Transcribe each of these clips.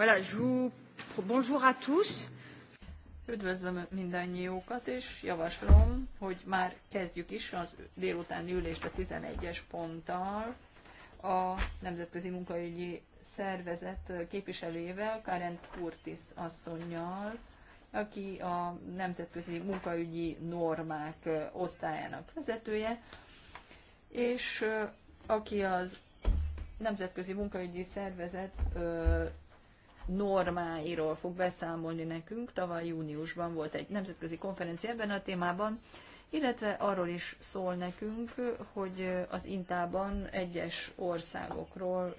Voilà, je vous... Bonjour à tous. Üdvözlöm mindannyiókat, és javaslom, hogy már kezdjük is az délutáni ülést a 11-es ponttal a Nemzetközi Munkaügyi Szervezet képviselőjével, Karen Curtis asszonynal, aki a Nemzetközi Munkaügyi Normák osztályának vezetője, és aki az Nemzetközi Munkaügyi Szervezet normáiról fog beszámolni nekünk. Tavaly júniusban volt egy nemzetközi konferencia ebben a témában, illetve arról is szól nekünk, hogy az Intában egyes országokról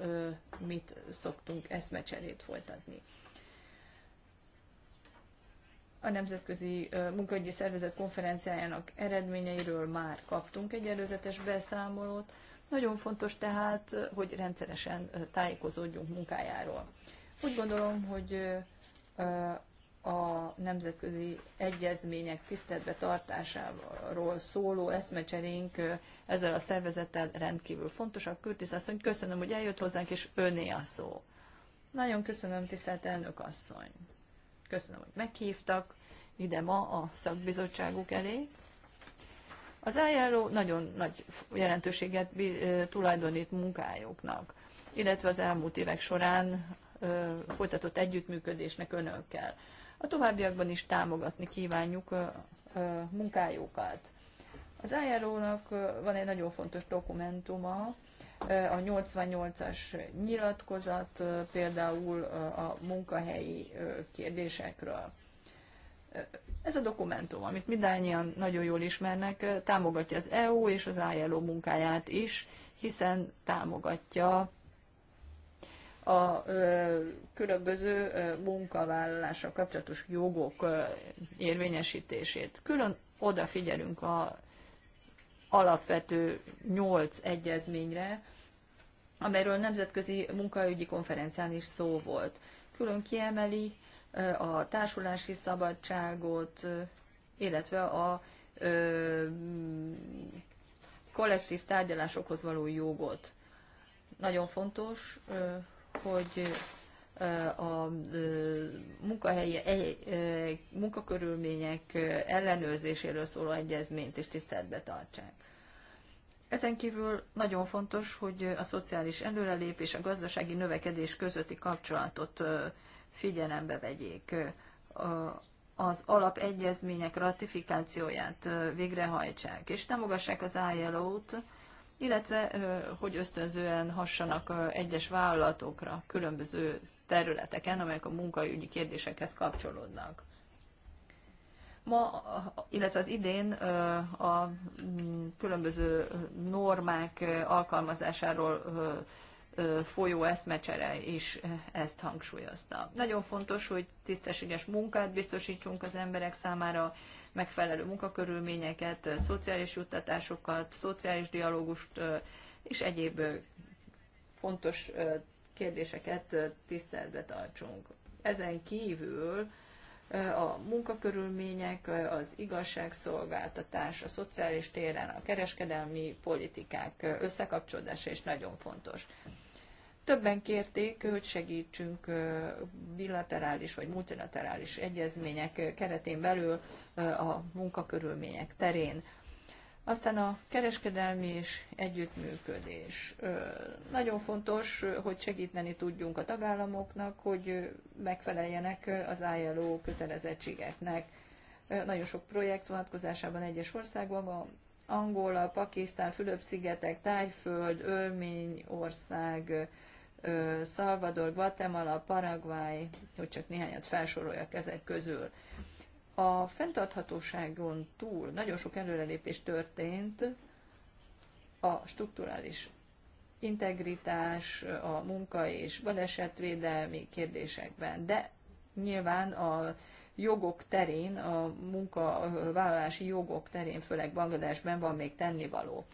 mit szoktunk eszmecserét folytatni. A Nemzetközi Munkaügyi Szervezet konferenciájának eredményeiről már kaptunk egy előzetes beszámolót. Nagyon fontos tehát, hogy rendszeresen tájékozódjunk munkájáról. Úgy gondolom, hogy a nemzetközi egyezmények tiszteletbe tartásáról szóló eszmecserénk ezzel a szervezettel rendkívül fontosak. Kürtis asszony, köszönöm, hogy eljött hozzánk, és öné a szó. Nagyon köszönöm, tisztelt elnök asszony. Köszönöm, hogy meghívtak ide ma a szakbizottságuk elé. Az eljáró nagyon nagy jelentőséget tulajdonít munkájuknak, illetve az elmúlt évek során folytatott együttműködésnek önökkel. A továbbiakban is támogatni kívánjuk a munkájukat. Az ilo van egy nagyon fontos dokumentuma, a 88-as nyilatkozat például a munkahelyi kérdésekről. Ez a dokumentum, amit mindannyian nagyon jól ismernek, támogatja az EU és az ILO munkáját is, hiszen támogatja a különböző munkavállalásra kapcsolatos jogok érvényesítését. Külön odafigyelünk a alapvető nyolc egyezményre, amelyről nemzetközi munkaügyi konferencián is szó volt. Külön kiemeli a társulási szabadságot, illetve a ö, kollektív tárgyalásokhoz való jogot. Nagyon fontos, hogy a munkahelyi e, e, munkakörülmények ellenőrzéséről szóló egyezményt is tiszteletbe tartsák. Ezen kívül nagyon fontos, hogy a szociális előrelépés, a gazdasági növekedés közötti kapcsolatot figyelembe vegyék. Az alapegyezmények ratifikációját végrehajtsák, és támogassák az ILO-t, illetve hogy ösztönzően hassanak egyes vállalatokra különböző területeken, amelyek a munkaügyi kérdésekhez kapcsolódnak. Ma, illetve az idén a mm, különböző normák alkalmazásáról folyó eszmecsere is ezt hangsúlyozta. Nagyon fontos, hogy tisztességes munkát biztosítsunk az emberek számára, megfelelő munkakörülményeket, szociális juttatásokat, szociális dialógust és egyéb fontos kérdéseket tiszteletbe tartsunk. Ezen kívül a munkakörülmények, az igazságszolgáltatás, a szociális téren, a kereskedelmi politikák összekapcsolódása is nagyon fontos. Többen kérték, hogy segítsünk bilaterális vagy multilaterális egyezmények keretén belül a munkakörülmények terén. Aztán a kereskedelmi és együttműködés. Nagyon fontos, hogy segíteni tudjunk a tagállamoknak, hogy megfeleljenek az ILO kötelezettségeknek. Nagyon sok projekt vonatkozásában egyes országban, Angola, Pakisztán, Fülöp-szigetek, Tájföld, Örményország, Salvador, Guatemala, Paraguay, hogy csak néhányat felsoroljak ezek közül. A fenntarthatóságon túl nagyon sok előrelépés történt a strukturális integritás, a munka és balesetvédelmi kérdésekben, de nyilván a jogok terén, a munkavállalási jogok terén, főleg Bangladesben van még tennivaló.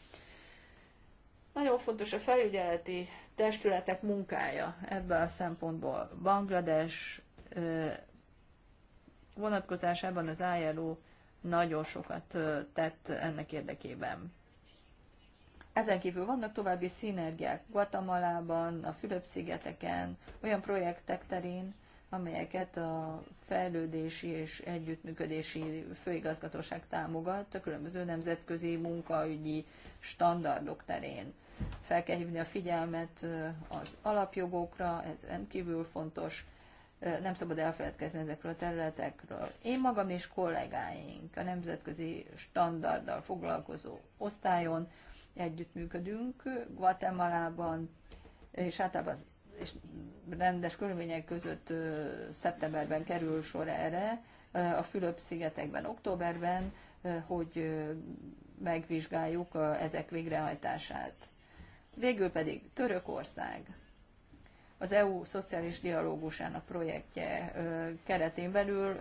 Nagyon fontos a felügyeleti testületek munkája ebben a szempontból. Banglades vonatkozásában az ILO nagyon sokat tett ennek érdekében. Ezen kívül vannak további szinergiák Guatemalában, a Fülöp-szigeteken, olyan projektek terén, amelyeket a fejlődési és együttműködési főigazgatóság támogat a különböző nemzetközi munkaügyi standardok terén fel kell hívni a figyelmet az alapjogokra, ez rendkívül fontos, nem szabad elfeledkezni ezekről a területekről. Én magam és kollégáink a nemzetközi standarddal foglalkozó osztályon együttműködünk Guatemalában, és általában az, és rendes körülmények között szeptemberben kerül sor erre, a Fülöp-szigetekben októberben, hogy megvizsgáljuk ezek végrehajtását. Végül pedig Törökország az EU szociális dialógusának projektje keretén belül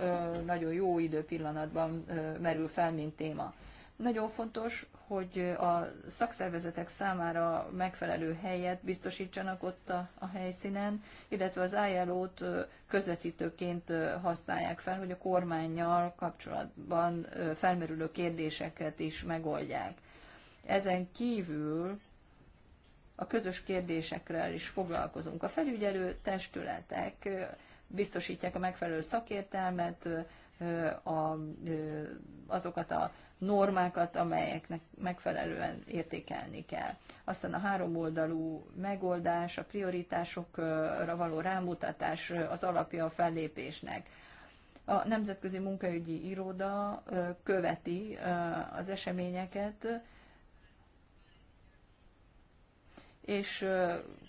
nagyon jó időpillanatban merül fel, mint téma. Nagyon fontos, hogy a szakszervezetek számára megfelelő helyet biztosítsanak ott a, a helyszínen, illetve az ILO-t közvetítőként használják fel, hogy a kormányjal kapcsolatban felmerülő kérdéseket is megoldják. Ezen kívül a közös kérdésekrel is foglalkozunk. A felügyelő testületek biztosítják a megfelelő szakértelmet, a, azokat a normákat, amelyeknek megfelelően értékelni kell. Aztán a háromoldalú megoldás, a prioritásokra való rámutatás az alapja a fellépésnek. A Nemzetközi Munkaügyi Iroda követi az eseményeket, és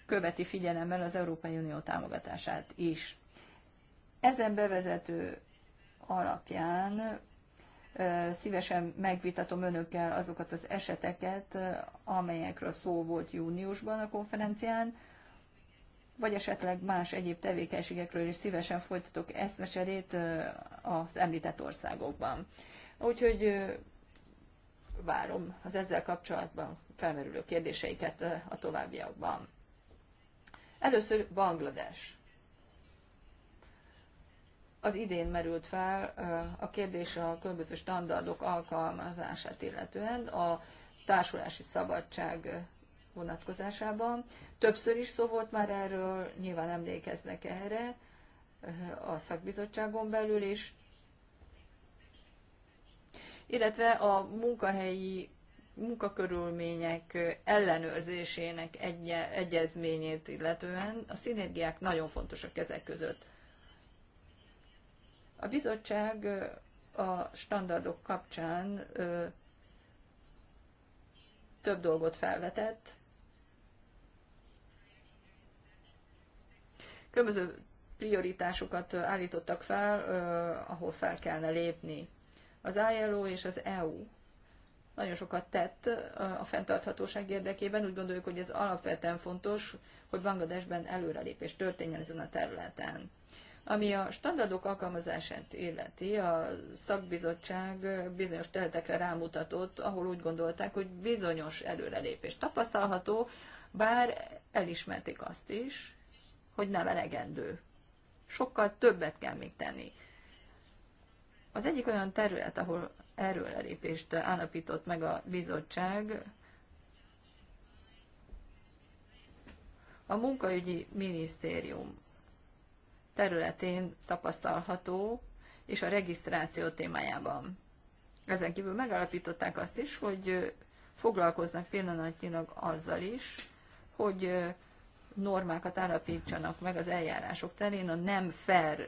követi figyelemmel az Európai Unió támogatását is. Ezen bevezető alapján szívesen megvitatom önökkel azokat az eseteket, amelyekről szó volt júniusban a konferencián, vagy esetleg más egyéb tevékenységekről is szívesen folytatok eszmecserét az említett országokban. Úgyhogy várom az ezzel kapcsolatban felmerülő kérdéseiket eh, a továbbiakban. Először Banglades. Az idén merült fel eh, a kérdés a különböző standardok alkalmazását illetően a társulási szabadság eh, vonatkozásában. Többször is szó volt már erről, nyilván emlékeznek erre a szakbizottságon belül is illetve a munkahelyi munkakörülmények ellenőrzésének egy- egyezményét illetően a szinergiák nagyon fontosak ezek között. A bizottság a standardok kapcsán több dolgot felvetett. Különböző prioritásokat állítottak fel, ahol fel kellene lépni az ILO és az EU nagyon sokat tett eh, a fenntarthatóság érdekében. Úgy gondoljuk, hogy ez alapvetően fontos, hogy Bangladesben előrelépés történjen ezen a területen. Ami a standardok alkalmazását illeti, a szakbizottság bizonyos területekre rámutatott, ahol úgy gondolták, hogy bizonyos előrelépés tapasztalható, bár elismerték azt is, hogy nem elegendő. Sokkal többet kell még tenni. Az egyik olyan terület, ahol erről elépést állapított meg a bizottság, a munkaügyi minisztérium területén tapasztalható, és a regisztráció témájában. Ezen kívül megállapították azt is, hogy foglalkoznak pillanatnyilag azzal is, hogy normákat állapítsanak meg az eljárások terén a nem fair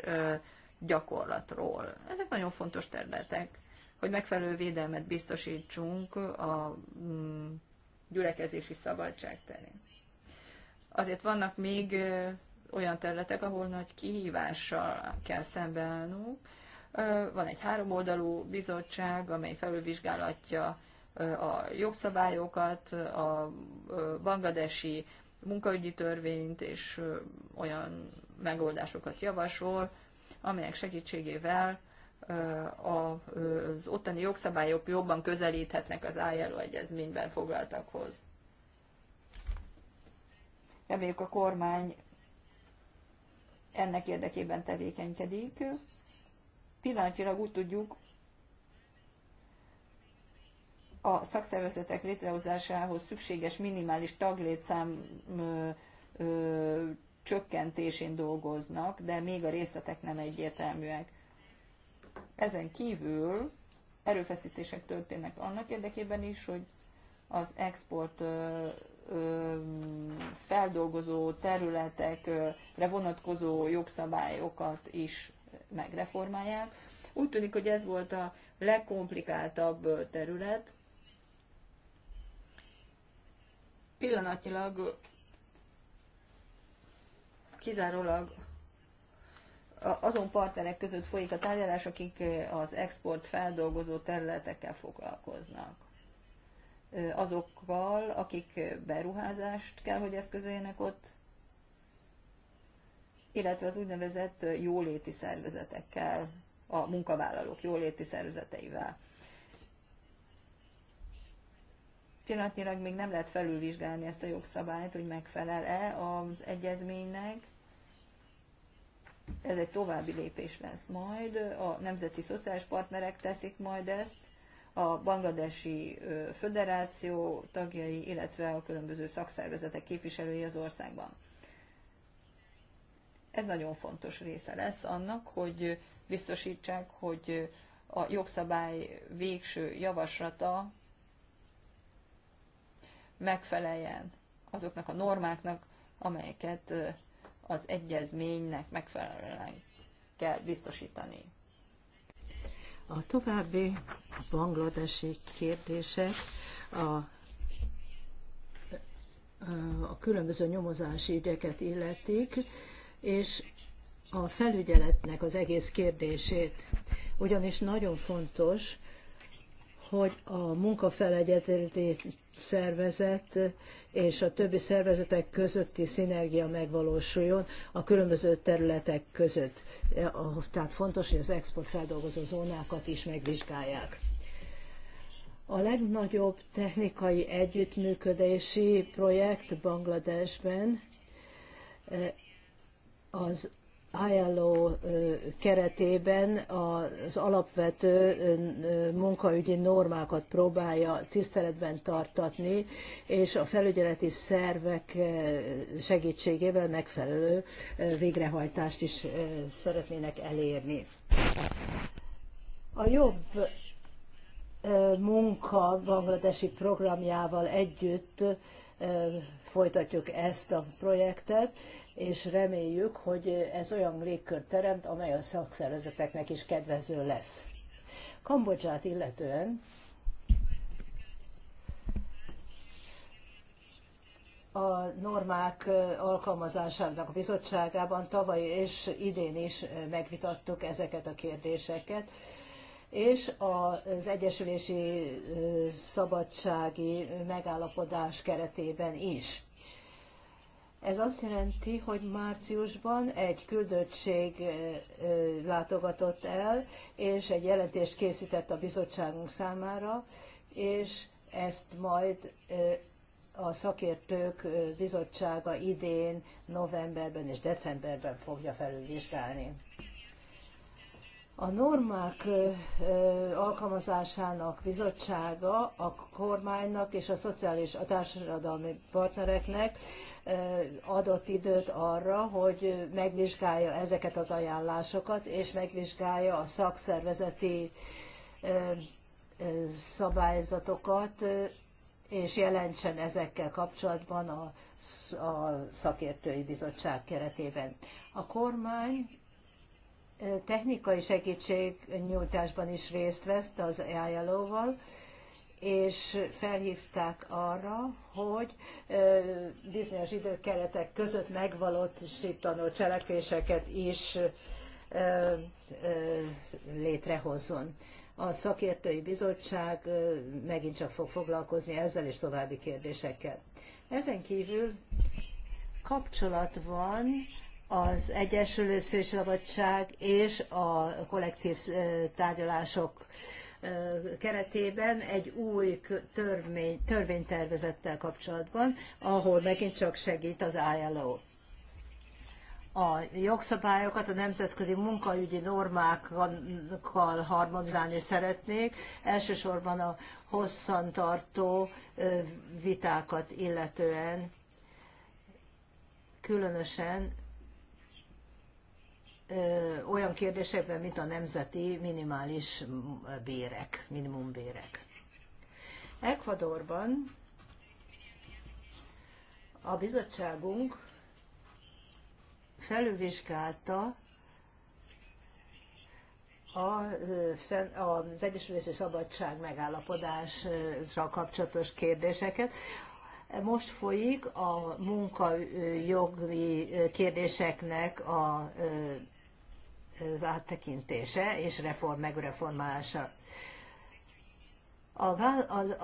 gyakorlatról. Ezek nagyon fontos területek, hogy megfelelő védelmet biztosítsunk a mm, gyülekezési szabadság terén. Azért vannak még olyan területek, ahol nagy kihívással kell szembeállnunk. Van egy háromoldalú bizottság, amely felülvizsgálatja a jogszabályokat, a bangladesi munkaügyi törvényt és olyan megoldásokat javasol, amelyek segítségével az ottani jogszabályok jobban közelíthetnek az ILO egyezményben foglaltakhoz. Reméljük a kormány ennek érdekében tevékenykedik. Pillanatilag úgy tudjuk, a szakszervezetek létrehozásához szükséges minimális taglétszám csökkentésén dolgoznak, de még a részletek nem egyértelműek. Ezen kívül erőfeszítések történnek annak érdekében is, hogy az export ö, ö, feldolgozó területekre vonatkozó jogszabályokat is megreformálják. Úgy tűnik, hogy ez volt a legkomplikáltabb terület. Pillanatnyilag kizárólag azon partnerek között folyik a tárgyalás, akik az export feldolgozó területekkel foglalkoznak. Azokkal, akik beruházást kell, hogy eszközöljenek ott, illetve az úgynevezett jóléti szervezetekkel, a munkavállalók jóléti szervezeteivel. Pillanatnyilag még nem lehet felülvizsgálni ezt a jogszabályt, hogy megfelel-e az egyezménynek. Ez egy további lépés lesz majd. A nemzeti szociális partnerek teszik majd ezt, a Bangladesi Föderáció tagjai, illetve a különböző szakszervezetek képviselői az országban. Ez nagyon fontos része lesz annak, hogy biztosítsák, hogy a jogszabály végső javaslata megfeleljen azoknak a normáknak, amelyeket az egyezménynek megfelelően kell biztosítani. A további bangladesi kérdések a, a különböző nyomozási ügyeket illetik, és a felügyeletnek az egész kérdését. Ugyanis nagyon fontos, hogy a munkafelegyetértő szervezet és a többi szervezetek közötti szinergia megvalósuljon a különböző területek között. E, tehát fontos, hogy az exportfeldolgozó zónákat is megvizsgálják. A legnagyobb technikai együttműködési projekt Bangladesben e, az ILO keretében az alapvető munkaügyi normákat próbálja tiszteletben tartatni, és a felügyeleti szervek segítségével megfelelő végrehajtást is szeretnének elérni. A jobb munka bangladesi programjával együtt folytatjuk ezt a projektet, és reméljük, hogy ez olyan légkört teremt, amely a szakszervezeteknek is kedvező lesz. Kambodzsát illetően a normák alkalmazásának a bizottságában tavaly és idén is megvitattuk ezeket a kérdéseket, és az egyesülési szabadsági megállapodás keretében is. Ez azt jelenti, hogy márciusban egy küldöttség látogatott el, és egy jelentést készített a bizottságunk számára, és ezt majd a szakértők bizottsága idén, novemberben és decemberben fogja felülvizsgálni. A normák alkalmazásának bizottsága a kormánynak és a szociális a társadalmi partnereknek adott időt arra, hogy megvizsgálja ezeket az ajánlásokat, és megvizsgálja a szakszervezeti szabályzatokat, és jelentsen ezekkel kapcsolatban a, a szakértői bizottság keretében. A kormány technikai segítségnyújtásban is részt vesz az e ILO-val, és felhívták arra, hogy bizonyos időkeretek között megvalósítanó cselekvéseket is létrehozzon. A szakértői bizottság megint csak fog foglalkozni ezzel és további kérdésekkel. Ezen kívül kapcsolat van az egyesülési szabadság és a kollektív tárgyalások keretében egy új törvény, törvénytervezettel kapcsolatban, ahol megint csak segít az ILO. A jogszabályokat a nemzetközi munkaügyi normákkal harmonizálni szeretnék, elsősorban a hosszantartó vitákat illetően, különösen olyan kérdésekben, mint a nemzeti minimális bérek, minimumbérek. Ecuadorban a bizottságunk felülvizsgálta a, az Egyesülési Szabadság megállapodásra kapcsolatos kérdéseket. Most folyik a munkajogi kérdéseknek a az áttekintése és reform megreformálása.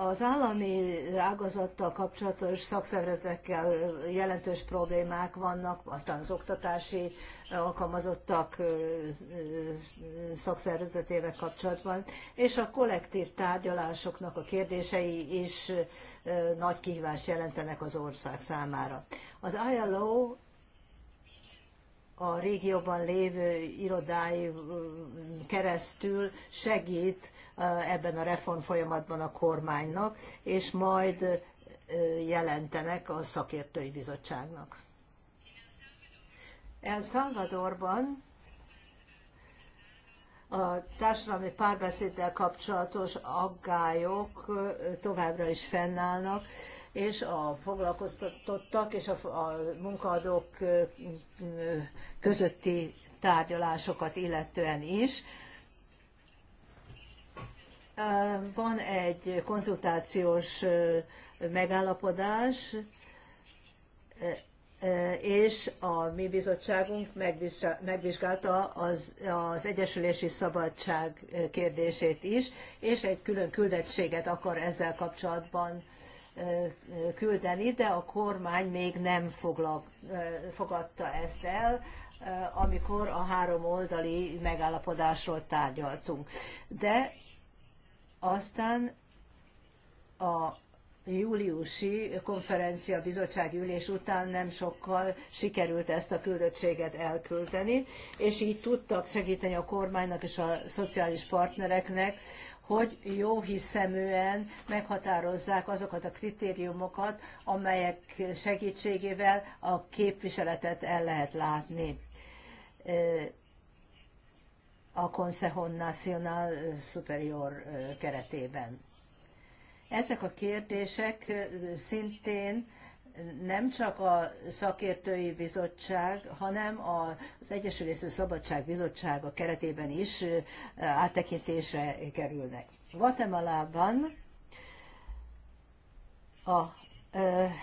Az állami ágazattal kapcsolatos szakszervezetekkel jelentős problémák vannak, aztán az oktatási alkalmazottak szakszervezetével kapcsolatban, és a kollektív tárgyalásoknak a kérdései is nagy kihívást jelentenek az ország számára. Az ILO a régióban lévő irodái keresztül segít ebben a reform folyamatban a kormánynak, és majd jelentenek a szakértői bizottságnak. El Salvadorban a társadalmi párbeszéddel kapcsolatos aggályok továbbra is fennállnak, és a foglalkoztatottak és a, a munkaadók közötti tárgyalásokat illetően is. Van egy konzultációs megállapodás, és a mi bizottságunk megvizsgálta az, az egyesülési szabadság kérdését is, és egy külön küldettséget akar ezzel kapcsolatban küldeni, de a kormány még nem foglal, fogadta ezt el, amikor a három oldali megállapodásról tárgyaltunk. De aztán a júliusi konferencia bizottsági ülés után nem sokkal sikerült ezt a küldöttséget elküldeni, és így tudtak segíteni a kormánynak és a szociális partnereknek hogy jó hiszeműen meghatározzák azokat a kritériumokat, amelyek segítségével a képviseletet el lehet látni a Consejo Nacional Superior keretében. Ezek a kérdések szintén nem csak a szakértői bizottság, hanem az Egyesülési Szabadság Bizottsága keretében is áttekintésre kerülnek. Guatemalában a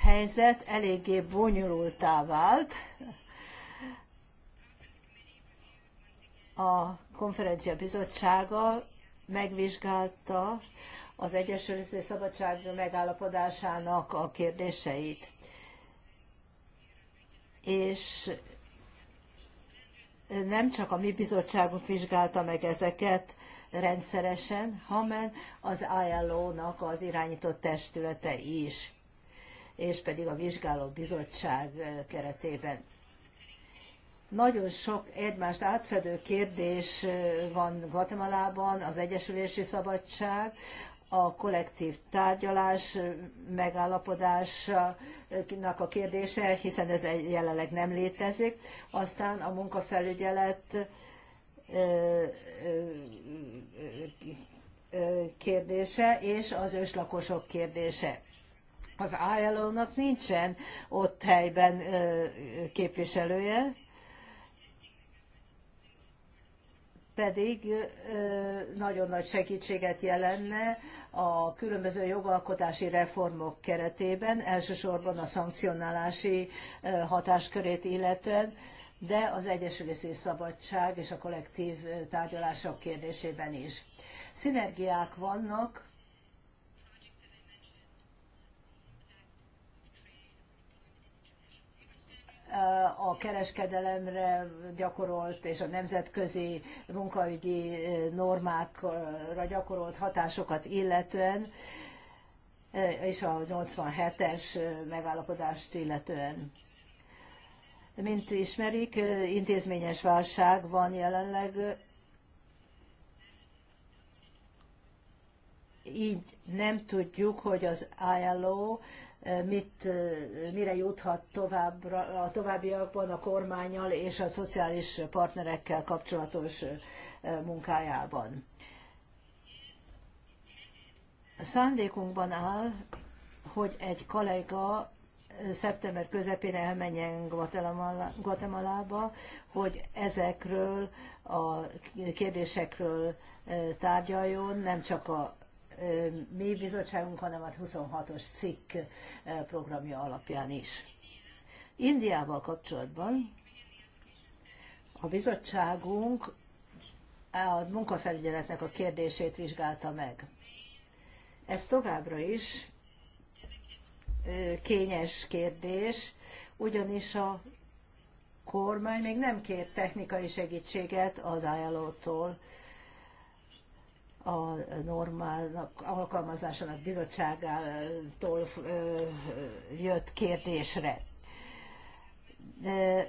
helyzet eléggé bonyolultá vált. A konferencia bizottsága megvizsgálta az Egyesülési Szabadság megállapodásának a kérdéseit és nem csak a mi bizottságunk vizsgálta meg ezeket rendszeresen, hanem az ILO-nak az irányított testülete is, és pedig a vizsgáló bizottság keretében. Nagyon sok egymást átfedő kérdés van Guatemalában, az Egyesülési Szabadság, a kollektív tárgyalás megállapodásnak a kérdése, hiszen ez jelenleg nem létezik. Aztán a munkafelügyelet kérdése és az őslakosok kérdése. Az ILO-nak nincsen ott helyben képviselője, pedig nagyon nagy segítséget jelenne a különböző jogalkotási reformok keretében, elsősorban a szankcionálási hatáskörét illetően, de az egyesülési szabadság és a kollektív tárgyalások kérdésében is. Szinergiák vannak a kereskedelemre gyakorolt és a nemzetközi munkaügyi eh, normákra gyakorolt hatásokat illetően, eh, és a 87-es eh, megállapodást illetően. Mint ismerik, intézményes válság van jelenleg, így nem tudjuk, hogy az ILO mit, mire juthat továbbra, a továbbiakban a kormányal és a szociális partnerekkel kapcsolatos munkájában. A szándékunkban áll, hogy egy kollega szeptember közepén elmenjen Guatemalába, hogy ezekről a kérdésekről tárgyaljon, nem csak a mi bizottságunk, hanem a 26-os cikk programja alapján is. Indiával kapcsolatban a bizottságunk a munkafelügyeletnek a kérdését vizsgálta meg. Ez továbbra is kényes kérdés, ugyanis a kormány még nem kért technikai segítséget az ILO-tól a normálnak alkalmazásának bizottságától jött kérdésre. De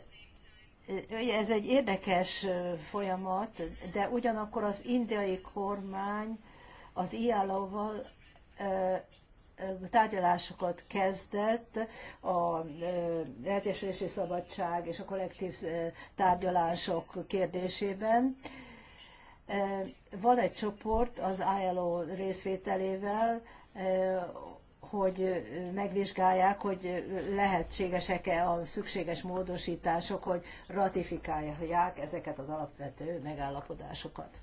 Ez egy érdekes folyamat, de ugyanakkor az indiai kormány az ILO-val tárgyalásokat kezdett a eltérsési szabadság és a kollektív tárgyalások kérdésében van egy csoport az ILO részvételével, hogy megvizsgálják, hogy lehetségesek-e a szükséges módosítások, hogy ratifikálják ezeket az alapvető megállapodásokat.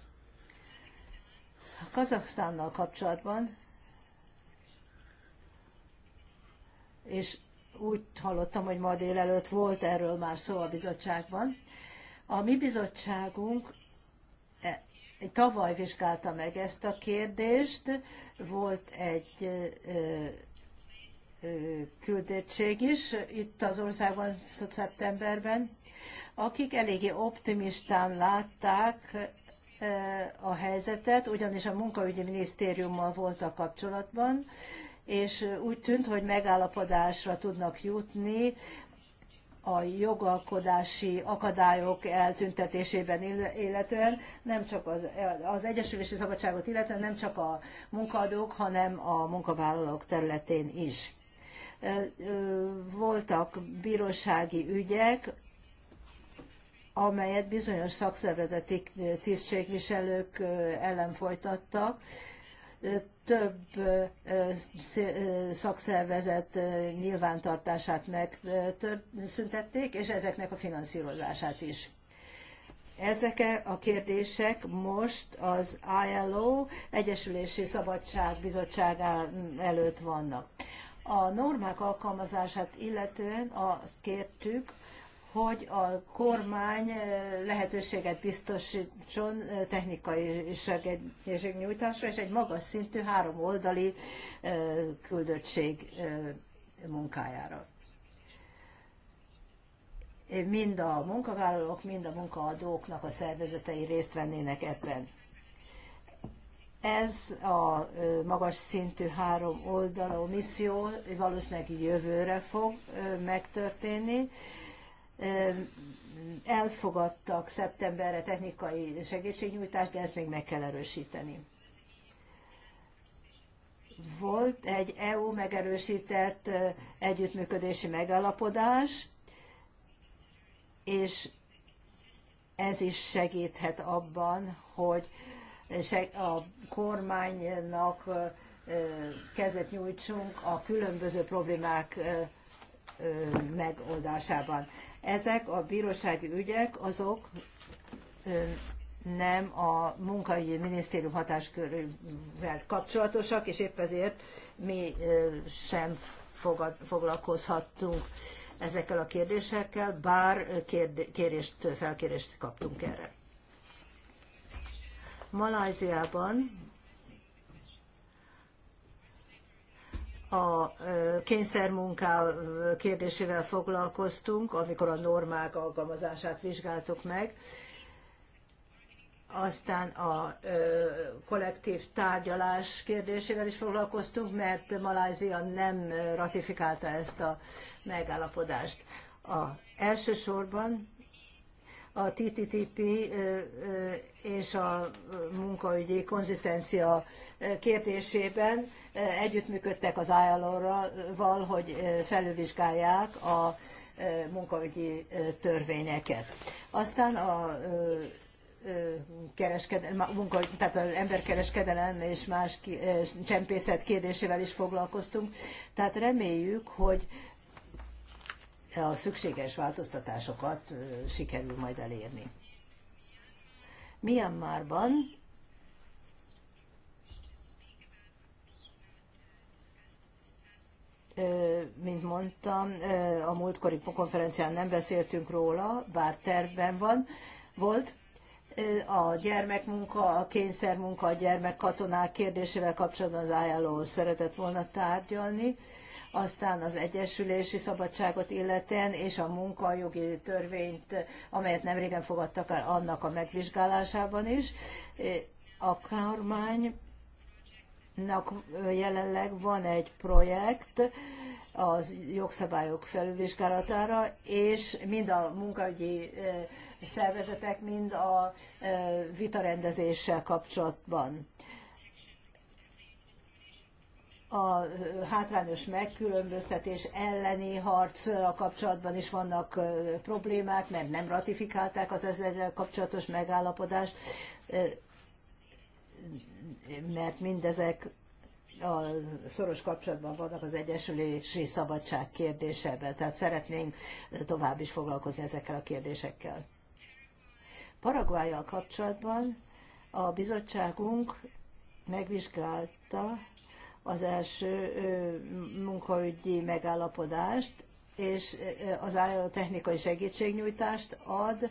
A Kazaksztánnal kapcsolatban, és úgy hallottam, hogy ma délelőtt volt erről már szó a bizottságban, a mi bizottságunk e- Tavaly vizsgálta meg ezt a kérdést, volt egy küldettség is itt az országban szeptemberben, akik eléggé optimistán látták a helyzetet, ugyanis a munkaügyi minisztériummal voltak kapcsolatban, és úgy tűnt, hogy megállapodásra tudnak jutni a jogalkodási akadályok eltüntetésében illetően, nem csak az, az egyesülési szabadságot illetően, nem csak a munkaadók, hanem a munkavállalók területén is. Voltak bírósági ügyek, amelyet bizonyos szakszervezeti tisztségviselők ellen folytattak, több szakszervezet nyilvántartását megszüntették, és ezeknek a finanszírozását is. Ezek a kérdések most az ILO Egyesülési Szabadság Bizottság előtt vannak. A normák alkalmazását illetően azt kértük, hogy a kormány eh, lehetőséget biztosítson eh, technikai nyújtásra és egy magas szintű három oldali eh, küldöttség munkájára. Mind a munkavállalók, mind a munkaadóknak a szervezetei részt vennének ebben. Ez a magas szintű három oldalú misszió valószínűleg jövőre fog megtörténni, elfogadtak szeptemberre technikai segítségnyújtást, de ezt még meg kell erősíteni. Volt egy EU megerősített együttműködési megállapodás, és ez is segíthet abban, hogy a kormánynak kezet nyújtsunk a különböző problémák megoldásában. Ezek a bírósági ügyek azok nem a munkaügyi minisztérium hatáskörével kapcsolatosak, és épp ezért mi sem fogad, foglalkozhattunk ezekkel a kérdésekkel, bár kérést, felkérést kaptunk erre. Malajziában a kényszermunká kérdésével foglalkoztunk, amikor a normák alkalmazását vizsgáltuk meg, aztán a ö, kollektív tárgyalás kérdésével is foglalkoztunk, mert Malázia nem ratifikálta ezt a megállapodást. A, elsősorban a TTTP és a munkaügyi konzisztencia kérdésében együttműködtek az ILO-val, hogy felülvizsgálják a munkaügyi törvényeket. Aztán a kereskedelem, munka, tehát az emberkereskedelem és más csempészet kérdésével is foglalkoztunk. Tehát reméljük, hogy a szükséges változtatásokat sikerül majd elérni. Myanmarban mint mondtam, a múltkori konferencián nem beszéltünk róla, bár tervben van, volt, a gyermekmunka, a kényszermunka, a gyermekkatonák kérdésével kapcsolatban az ILO szeretett volna tárgyalni, aztán az egyesülési szabadságot illetően, és a munkajogi törvényt, amelyet nemrégen fogadtak el annak a megvizsgálásában is. A kormánynak jelenleg van egy projekt, a jogszabályok felülvizsgálatára, és mind a munkaügyi szervezetek, mind a vitarendezéssel kapcsolatban a hátrányos megkülönböztetés elleni harc a kapcsolatban is vannak problémák, mert nem ratifikálták az ezzel kapcsolatos megállapodást, mert mindezek a szoros kapcsolatban vannak az egyesülési szabadság kérdésével, tehát szeretnénk tovább is foglalkozni ezekkel a kérdésekkel. Paraguájjal kapcsolatban a bizottságunk megvizsgálta az első munkaügyi megállapodást, és az álló technikai segítségnyújtást ad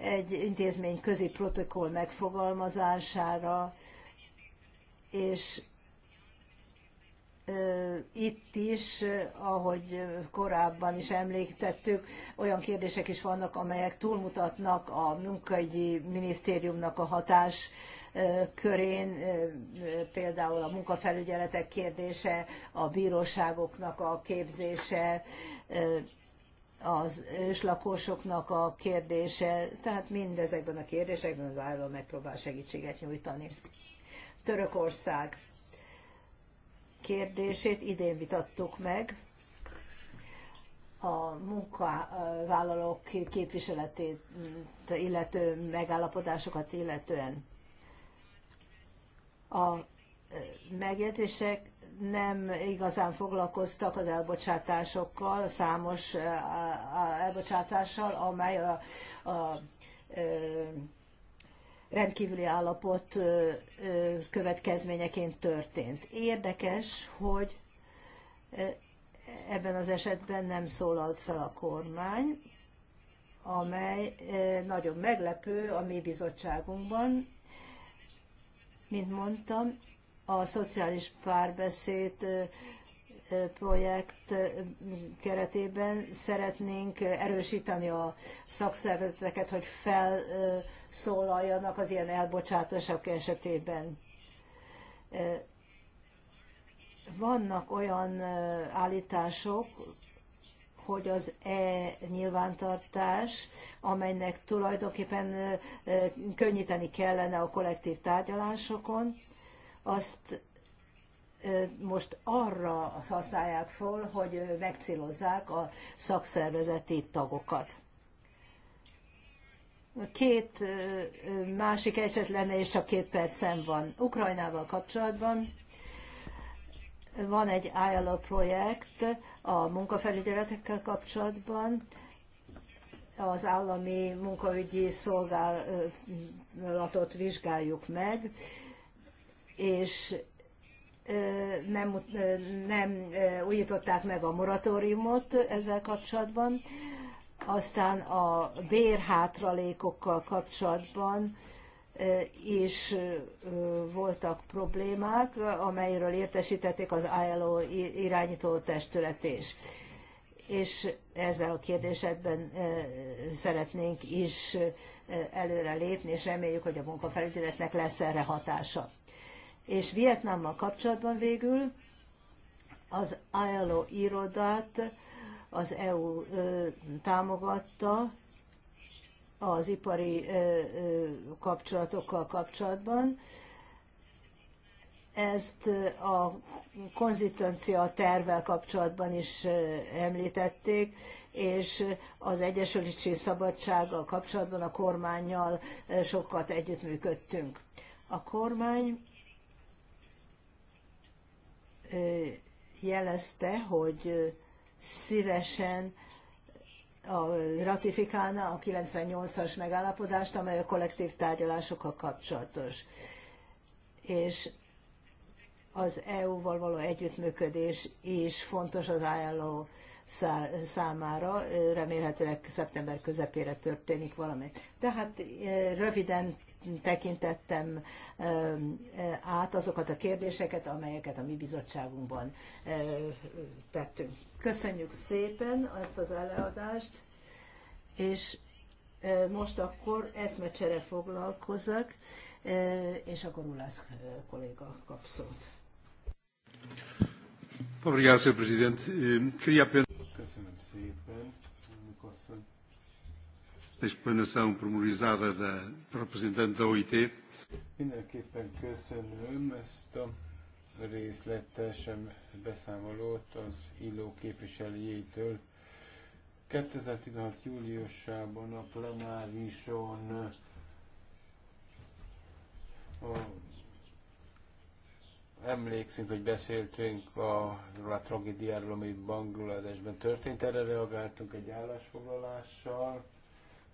egy intézmény közi protokoll megfogalmazására, és itt is, ahogy korábban is említettük, olyan kérdések is vannak, amelyek túlmutatnak a munkaügyi minisztériumnak a hatás körén, például a munkafelügyeletek kérdése, a bíróságoknak a képzése, az őslakosoknak a kérdése, tehát mindezekben a kérdésekben az állam megpróbál segítséget nyújtani. Törökország kérdését idén vitattuk meg a munkavállalók képviseletét illető megállapodásokat illetően. A megjegyzések nem igazán foglalkoztak az elbocsátásokkal, számos elbocsátással, amely a, a, a rendkívüli állapot következményeként történt. Érdekes, hogy ebben az esetben nem szólalt fel a kormány, amely nagyon meglepő a mi bizottságunkban. Mint mondtam, a szociális párbeszéd projekt keretében szeretnénk erősíteni a szakszervezeteket, hogy felszólaljanak az ilyen elbocsátások esetében. Vannak olyan állítások, hogy az E nyilvántartás, amelynek tulajdonképpen könnyíteni kellene a kollektív tárgyalásokon, azt most arra használják föl, hogy megcélozzák a szakszervezeti tagokat. Két másik eset lenne, és csak két percen van. Ukrajnával kapcsolatban van egy ILO projekt a munkafelügyeletekkel kapcsolatban, az állami munkaügyi szolgálatot vizsgáljuk meg, és nem, nem újították meg a moratóriumot ezzel kapcsolatban, aztán a bérhátralékokkal kapcsolatban is voltak problémák, amelyről értesítették az ILO irányító testület is. És ezzel a kérdésedben szeretnénk is előre lépni, és reméljük, hogy a munkafelügyeletnek lesz erre hatása. És Vietnámmal kapcsolatban végül az ILO irodát az EU támogatta az ipari kapcsolatokkal kapcsolatban. Ezt a konzisztencia tervvel kapcsolatban is említették, és az Egyesülési Szabadsággal kapcsolatban a kormányjal sokat együttműködtünk. A kormány jelezte, hogy szívesen a, ratifikálna a 98-as megállapodást, amely a kollektív tárgyalásokkal kapcsolatos. És az EU-val való együttműködés is fontos az álló számára, remélhetőleg szeptember közepére történik valami. Tehát röviden tekintettem át azokat a kérdéseket, amelyeket a mi bizottságunkban tettünk. Köszönjük szépen ezt az előadást, és most akkor eszmecsere foglalkozok, és akkor Ulász kolléga kap szót. a explanação pormenorizada da representante da OIT. Mindenképpen köszönöm ezt a részletes beszámolót az illó képviselőjétől. 2016. júliusában a plenárison a, emlékszünk, hogy beszéltünk a, a tragédiáról, ami Bangladesben történt, erre reagáltunk egy állásfoglalással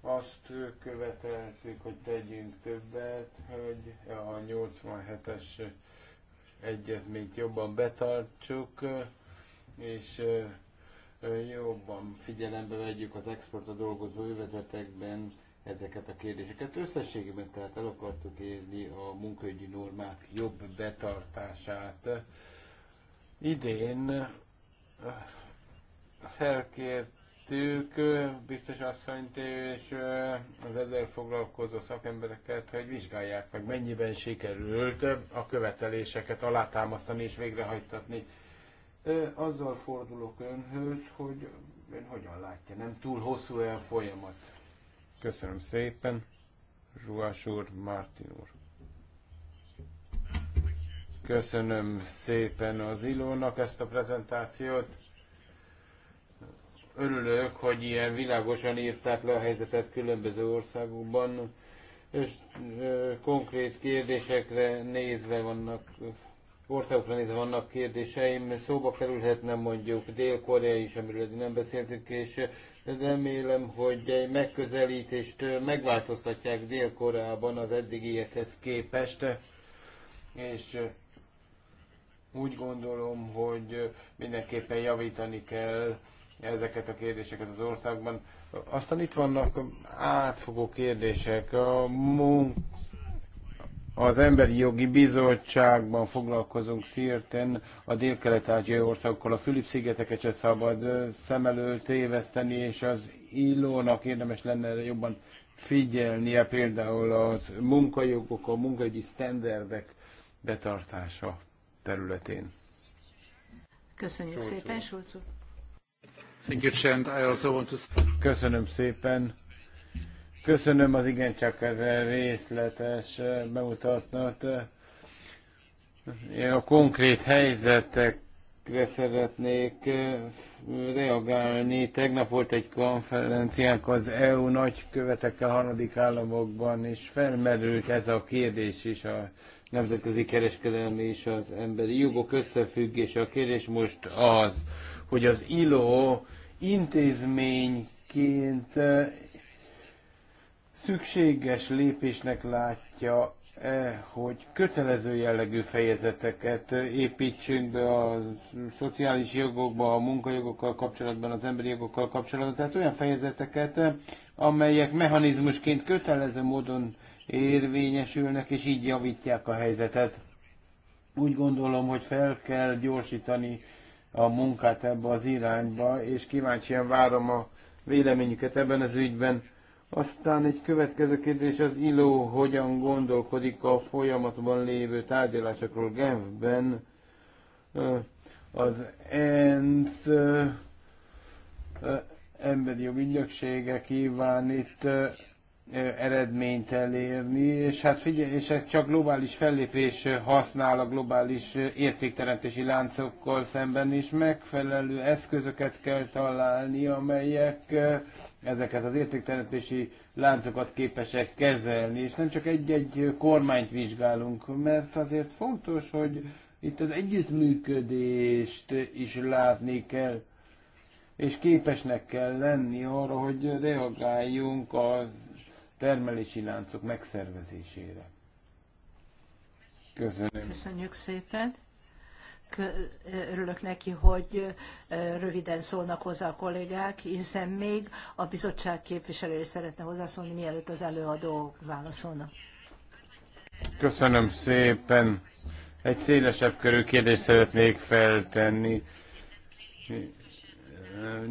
azt követelték, hogy tegyünk többet, hogy a 87-es egyezményt jobban betartsuk, és jobban figyelembe vegyük az export a dolgozó övezetekben ezeket a kérdéseket. Összességében tehát el akartuk érni a munkaügyi normák jobb betartását. Idén felkért kérdeztük biztos asszonyt és az ezzel foglalkozó szakembereket, hogy vizsgálják meg, mennyiben sikerült a követeléseket alátámasztani és végrehajtatni. Azzal fordulok önhöz, hogy ön hogyan látja, nem túl hosszú el folyamat. Köszönöm szépen, Zsuhás úr, Mártin úr. Köszönöm szépen az Ilónak ezt a prezentációt örülök, hogy ilyen világosan írták le a helyzetet különböző országokban, és ö, konkrét kérdésekre nézve vannak, országokra nézve vannak kérdéseim. Szóba kerülhetne mondjuk Dél-Korea is, amiről nem beszéltünk, és remélem, hogy egy megközelítést megváltoztatják Dél-Koreában az eddigiekhez képest, és úgy gondolom, hogy mindenképpen javítani kell ezeket a kérdéseket az országban. Aztán itt vannak átfogó kérdések. A munk az Emberi Jogi Bizottságban foglalkozunk szírten a dél-kelet-ázsiai országokkal, a Fülip-szigeteket se szabad szem előtt téveszteni, és az illónak érdemes lenne erre jobban figyelnie, például a munkajogok, a munkaügyi sztenderdek betartása területén. Köszönjük Solcú. szépen, Sulcú. Köszönöm szépen. Köszönöm az igencsak részletes bemutatnot. Én a konkrét helyzetekre szeretnék reagálni. Tegnap volt egy konferenciánk az EU nagykövetekkel harmadik államokban, és felmerült ez a kérdés is a nemzetközi kereskedelmi és az emberi jogok összefüggése. A kérdés most az, hogy az ILO intézményként eh, szükséges lépésnek látja E, hogy kötelező jellegű fejezeteket eh, építsünk be a szociális jogokba, a munkajogokkal kapcsolatban, az emberi jogokkal kapcsolatban, tehát olyan fejezeteket, amelyek mechanizmusként kötelező módon érvényesülnek, és így javítják a helyzetet. Úgy gondolom, hogy fel kell gyorsítani a munkát ebbe az irányba, és kíváncsian várom a véleményüket ebben az ügyben. Aztán egy következő kérdés az ILO hogyan gondolkodik a folyamatban lévő tárgyalásokról Genfben. Az ENSZ emberi jogi kíván itt eredményt elérni, és hát figyelj, és ez csak globális fellépés használ a globális értékteremtési láncokkal szemben is, megfelelő eszközöket kell találni, amelyek ezeket az értékteremtési láncokat képesek kezelni, és nem csak egy-egy kormányt vizsgálunk, mert azért fontos, hogy itt az együttműködést is látni kell, és képesnek kell lenni arra, hogy reagáljunk az termelési láncok megszervezésére. Köszönöm. Köszönjük szépen. Örülök neki, hogy röviden szólnak hozzá a kollégák, hiszen még a bizottság képviselője szeretne hozzászólni, mielőtt az előadó válaszolna. Köszönöm szépen. Egy szélesebb körű kérdést szeretnék feltenni.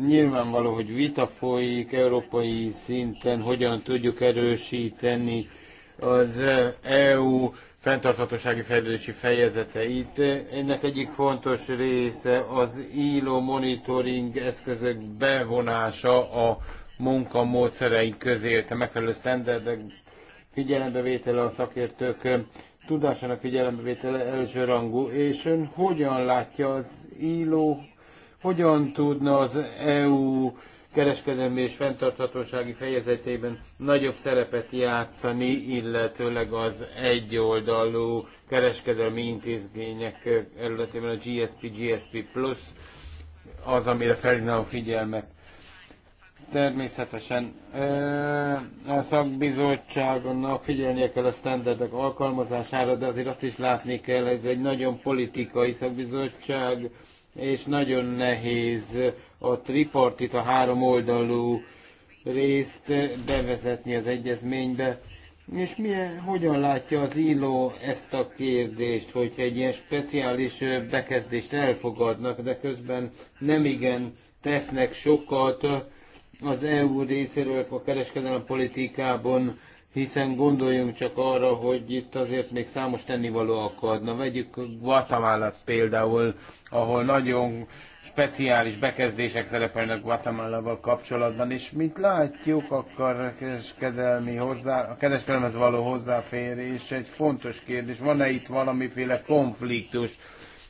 Nyilvánvaló, hogy vita folyik európai szinten, hogyan tudjuk erősíteni az EU fenntarthatósági fejlődési fejezeteit. Ennek egyik fontos része az ILO monitoring eszközök bevonása a munkamódszereink közé, a megfelelő standardek figyelembevétele a szakértők tudásának figyelembevétele elsőrangú, és ön hogyan látja az ILO hogyan tudna az EU kereskedelmi és fenntarthatósági fejezetében nagyobb szerepet játszani, illetőleg az egyoldalú kereskedelmi intézmények területében a GSP, GSP Plus az, amire felhívnám a figyelmet. Természetesen a szakbizottságnak figyelnie kell a standardek alkalmazására, de azért azt is látni kell, ez egy nagyon politikai szakbizottság, és nagyon nehéz a tripartit, a három oldalú részt bevezetni az egyezménybe. És milyen, hogyan látja az ILO ezt a kérdést, hogy egy ilyen speciális bekezdést elfogadnak, de közben nem igen tesznek sokat az EU részéről a kereskedelem politikában hiszen gondoljunk csak arra, hogy itt azért még számos tennivaló akadna. Vegyük Guatemala például, ahol nagyon speciális bekezdések szerepelnek Guatemala-val kapcsolatban, és mint látjuk, akkor a kereskedelmi hozzá, a kereskedelmez való hozzáférés egy fontos kérdés. Van-e itt valamiféle konfliktus,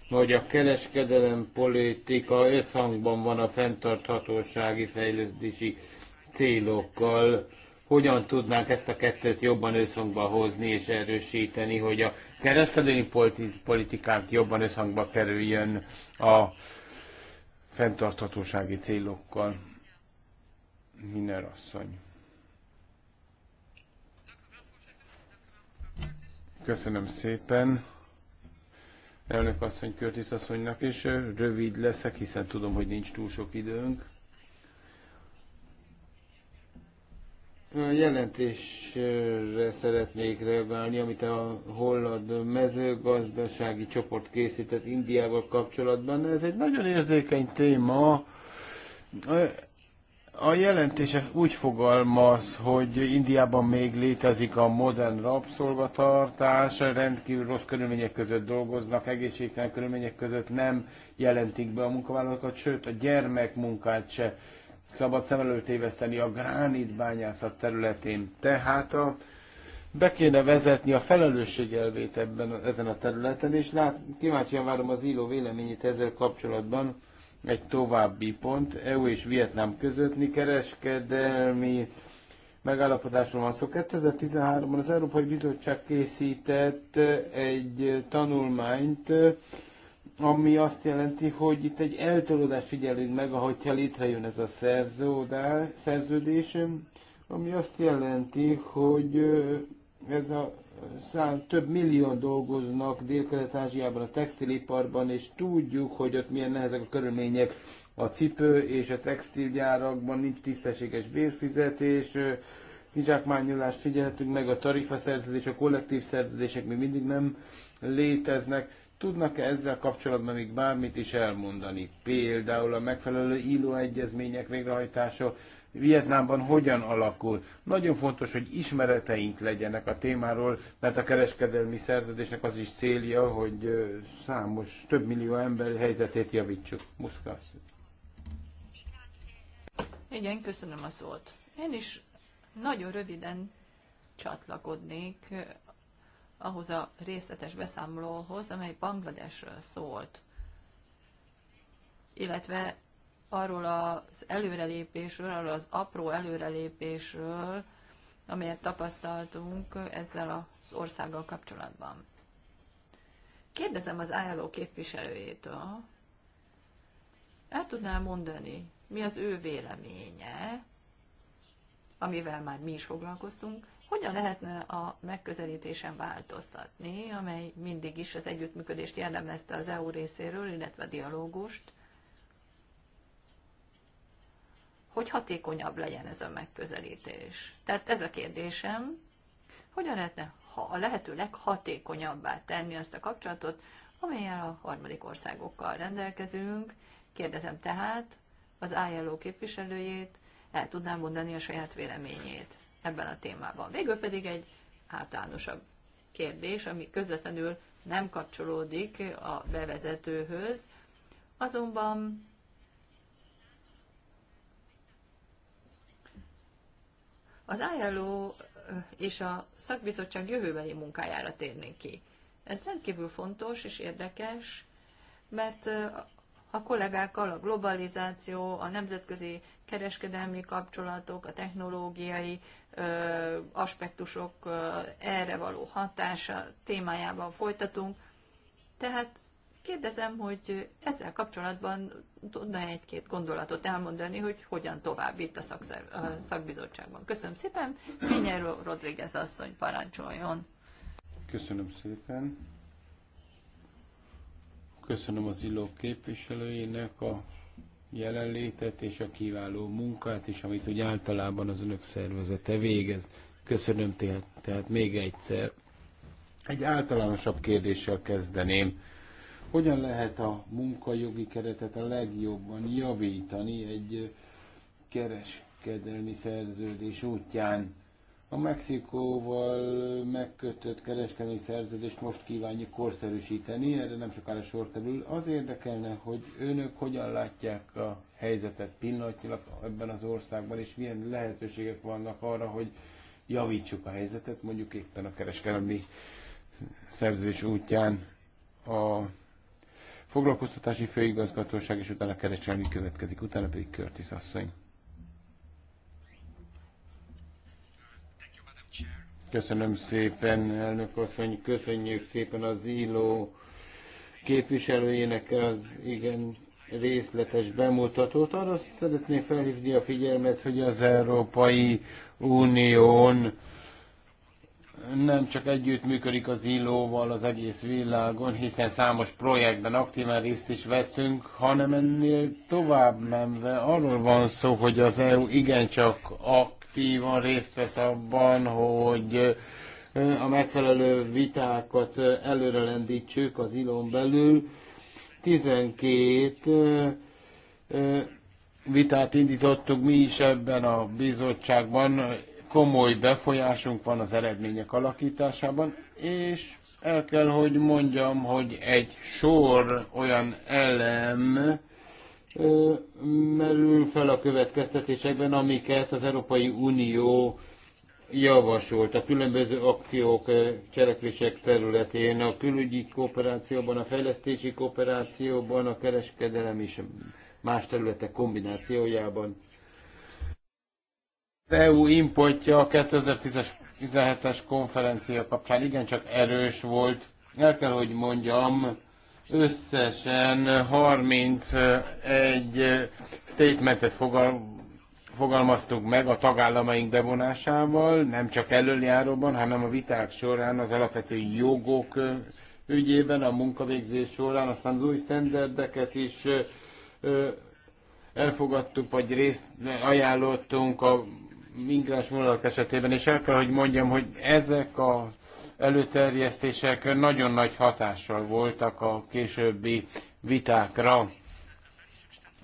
hogy a kereskedelem politika összhangban van a fenntarthatósági fejlesztési célokkal, hogyan tudnánk ezt a kettőt jobban összhangba hozni és erősíteni, hogy a kereskedelmi politikánk jobban összhangba kerüljön a fenntarthatósági célokkal. Miner asszony. Köszönöm szépen. Elnök asszony, Körtis asszonynak, és rövid leszek, hiszen tudom, hogy nincs túl sok időnk. jelentésre szeretnék reagálni, amit a holland mezőgazdasági csoport készített Indiával kapcsolatban. Ez egy nagyon érzékeny téma. A jelentés úgy fogalmaz, hogy Indiában még létezik a modern rabszolgatartás, rendkívül rossz körülmények között dolgoznak, egészségtelen körülmények között nem jelentik be a munkavállalókat, sőt a gyermekmunkát se szabad szem előtt téveszteni a bányászat területén. Tehát a, be kéne vezetni a felelősség elvét ebben, ezen a területen, és lát, kíváncsian várom az író véleményét ezzel kapcsolatban. Egy további pont, EU és Vietnám közötti kereskedelmi megállapodásról van szó. 2013-ban az Európai Bizottság készített egy tanulmányt, ami azt jelenti, hogy itt egy eltolódást figyelünk meg, ahogyha létrejön ez a szerződás, szerződés, ami azt jelenti, hogy ez a szám, több millióan dolgoznak Dél-Kelet-Ázsiában, a textiliparban, és tudjuk, hogy ott milyen nehezek a körülmények a cipő és a textilgyárakban, nincs tisztességes bérfizetés, kizsákmányolást figyelhetünk meg, a tarifaszerződés, a kollektív szerződések még mindig nem léteznek. Tudnak-e ezzel kapcsolatban még bármit is elmondani? Például a megfelelő ILO egyezmények végrehajtása Vietnámban hogyan alakul? Nagyon fontos, hogy ismereteink legyenek a témáról, mert a kereskedelmi szerződésnek az is célja, hogy számos, több millió ember helyzetét javítsuk. Muszkász. Igen, köszönöm a szót. Én is nagyon röviden csatlakodnék ahhoz a részletes beszámolóhoz, amely Bangladesről szólt, illetve arról az előrelépésről, arról az apró előrelépésről, amelyet tapasztaltunk ezzel az országgal kapcsolatban. Kérdezem az álló képviselőjétől, el tudná mondani, mi az ő véleménye, amivel már mi is foglalkoztunk, hogyan lehetne a megközelítésen változtatni, amely mindig is az együttműködést jellemezte az EU részéről, illetve a dialógust, hogy hatékonyabb legyen ez a megközelítés. Tehát ez a kérdésem, hogyan lehetne ha a lehető leghatékonyabbá tenni azt a kapcsolatot, amelyel a harmadik országokkal rendelkezünk. Kérdezem tehát az ILO képviselőjét, el tudnám mondani a saját véleményét ebben a témában. Végül pedig egy általánosabb kérdés, ami közvetlenül nem kapcsolódik a bevezetőhöz, azonban az ILO és a szakbizottság jövőbeli munkájára térnénk ki. Ez rendkívül fontos és érdekes, mert a kollégákkal a globalizáció, a nemzetközi kereskedelmi kapcsolatok, a technológiai aspektusok erre való hatása témájában folytatunk. Tehát kérdezem, hogy ezzel kapcsolatban tudna egy-két gondolatot elmondani, hogy hogyan tovább itt a, szakszer, a szakbizottságban. Köszönöm szépen. Minyel Rodriguez asszony parancsoljon. Köszönöm szépen. Köszönöm az illó képviselőjének a jelenlétet és a kiváló munkát is, amit úgy általában az önök szervezete végez. Köszönöm tehát, tehát még egyszer. Egy általánosabb kérdéssel kezdeném. Hogyan lehet a munkajogi keretet a legjobban javítani egy kereskedelmi szerződés útján? A Mexikóval megkötött kereskedelmi szerződést most kívánjuk korszerűsíteni, erre nem sokára sor kerül. Az érdekelne, hogy önök hogyan látják a helyzetet pillanatnyilag ebben az országban, és milyen lehetőségek vannak arra, hogy javítsuk a helyzetet, mondjuk éppen a kereskedelmi szerződés útján a foglalkoztatási főigazgatóság, és utána a kereskedelmi következik, utána pedig Körtis asszony. Köszönöm szépen, elnök asszony, köszönjük szépen az ILO képviselőjének az igen részletes bemutatót. Arra szeretném felhívni a figyelmet, hogy az Európai Unión nem csak együtt működik az illóval az egész világon, hiszen számos projektben aktívan részt is vettünk, hanem ennél tovább menve arról van szó, hogy az EU igencsak a aktívan részt vesz abban, hogy eh, a megfelelő vitákat eh, előre lendítsük az ilon belül. 12 eh, vitát indítottuk mi is ebben a bizottságban, komoly befolyásunk van az eredmények alakításában, és el kell, hogy mondjam, hogy egy sor olyan elem, merül fel a következtetésekben, amiket az Európai Unió javasolt a különböző akciók, cselekvések területén, a külügyi kooperációban, a fejlesztési kooperációban, a kereskedelem és más területek kombinációjában. Az EU importja a 2017-es konferencia kapcsán igencsak erős volt. El kell, hogy mondjam, Összesen 31 statementet fogal, fogalmaztunk meg a tagállamaink bevonásával, nem csak előjáróban, hanem a viták során az alapvető jogok ügyében, a munkavégzés során, aztán az új standardeket is elfogadtuk, vagy részt ajánlottunk a migráns vonalak esetében, és el kell, hogy mondjam, hogy ezek a előterjesztések nagyon nagy hatással voltak a későbbi vitákra.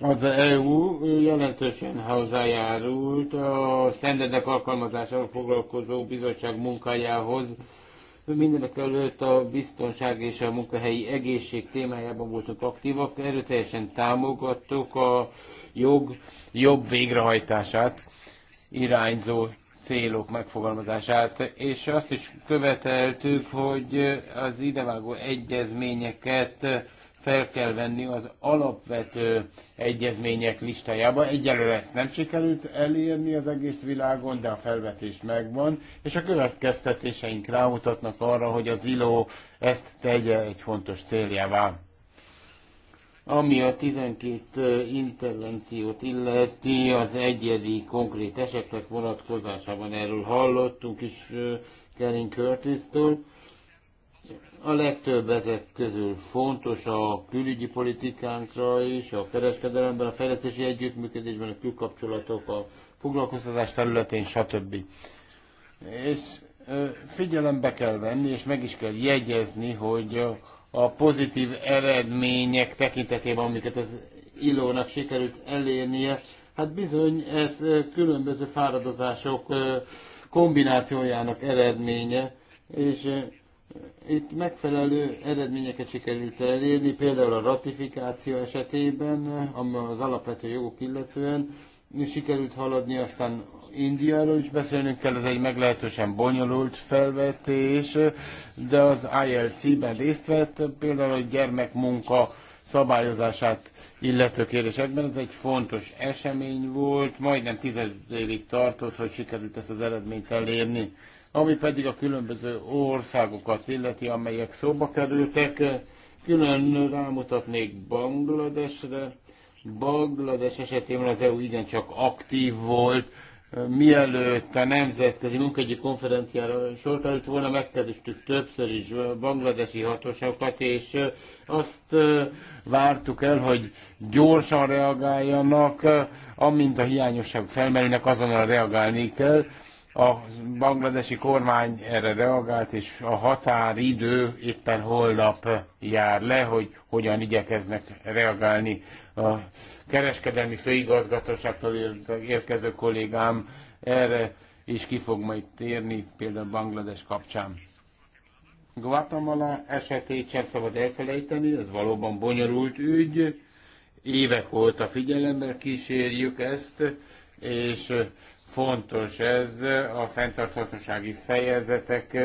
Az EU jelentősen hozzájárult a standardek alkalmazásával foglalkozó bizottság munkájához. Mindenek előtt a biztonság és a munkahelyi egészség témájában voltunk aktívak, erőteljesen támogattuk a jog jobb végrehajtását irányzó célok megfogalmazását, és azt is követeltük, hogy az idevágó egyezményeket fel kell venni az alapvető egyezmények listájába. Egyelőre ezt nem sikerült elérni az egész világon, de a felvetés megvan, és a következtetéseink rámutatnak arra, hogy az ILO ezt tegye egy fontos céljává. Ami a 12 intervenciót illeti, az egyedi konkrét esetek vonatkozásában erről hallottunk is Kerin curtis -től. A legtöbb ezek közül fontos a külügyi politikánkra is, a kereskedelemben, a fejlesztési együttműködésben, a külkapcsolatok, a foglalkoztatás területén, stb. És figyelembe kell venni, és meg is kell jegyezni, hogy a pozitív eredmények tekintetében, amiket az Ilónak sikerült elérnie, hát bizony ez különböző fáradozások kombinációjának eredménye, és itt megfelelő eredményeket sikerült elérni, például a ratifikáció esetében, az alapvető jogok illetően, sikerült haladni, aztán Indiáról is beszélnünk kell, ez egy meglehetősen bonyolult felvetés, de az ILC-ben részt vett például a gyermekmunka szabályozását illető kérdésekben. Ez egy fontos esemény volt, majdnem tized évig tartott, hogy sikerült ezt az eredményt elérni. Ami pedig a különböző országokat illeti, amelyek szóba kerültek, külön rámutatnék Bangladesre, Bangladesh esetében az EU igencsak aktív volt, mielőtt a nemzetközi munkahogyi konferenciára sor került volna, megkerestük többször is bangladesi hatóságokat, és azt vártuk el, hogy gyorsan reagáljanak, amint a hiányosság felmerülnek, azonnal reagálni kell. A bangladesi kormány erre reagált, és a határidő éppen holnap jár le, hogy hogyan igyekeznek reagálni. A kereskedelmi főigazgatóságtól érkező kollégám erre is ki fog majd térni, például Banglades kapcsán. Guatemala esetét sem szabad elfelejteni, ez valóban bonyolult ügy. Évek óta figyelemmel kísérjük ezt, és Fontos ez a fenntarthatósági fejezetek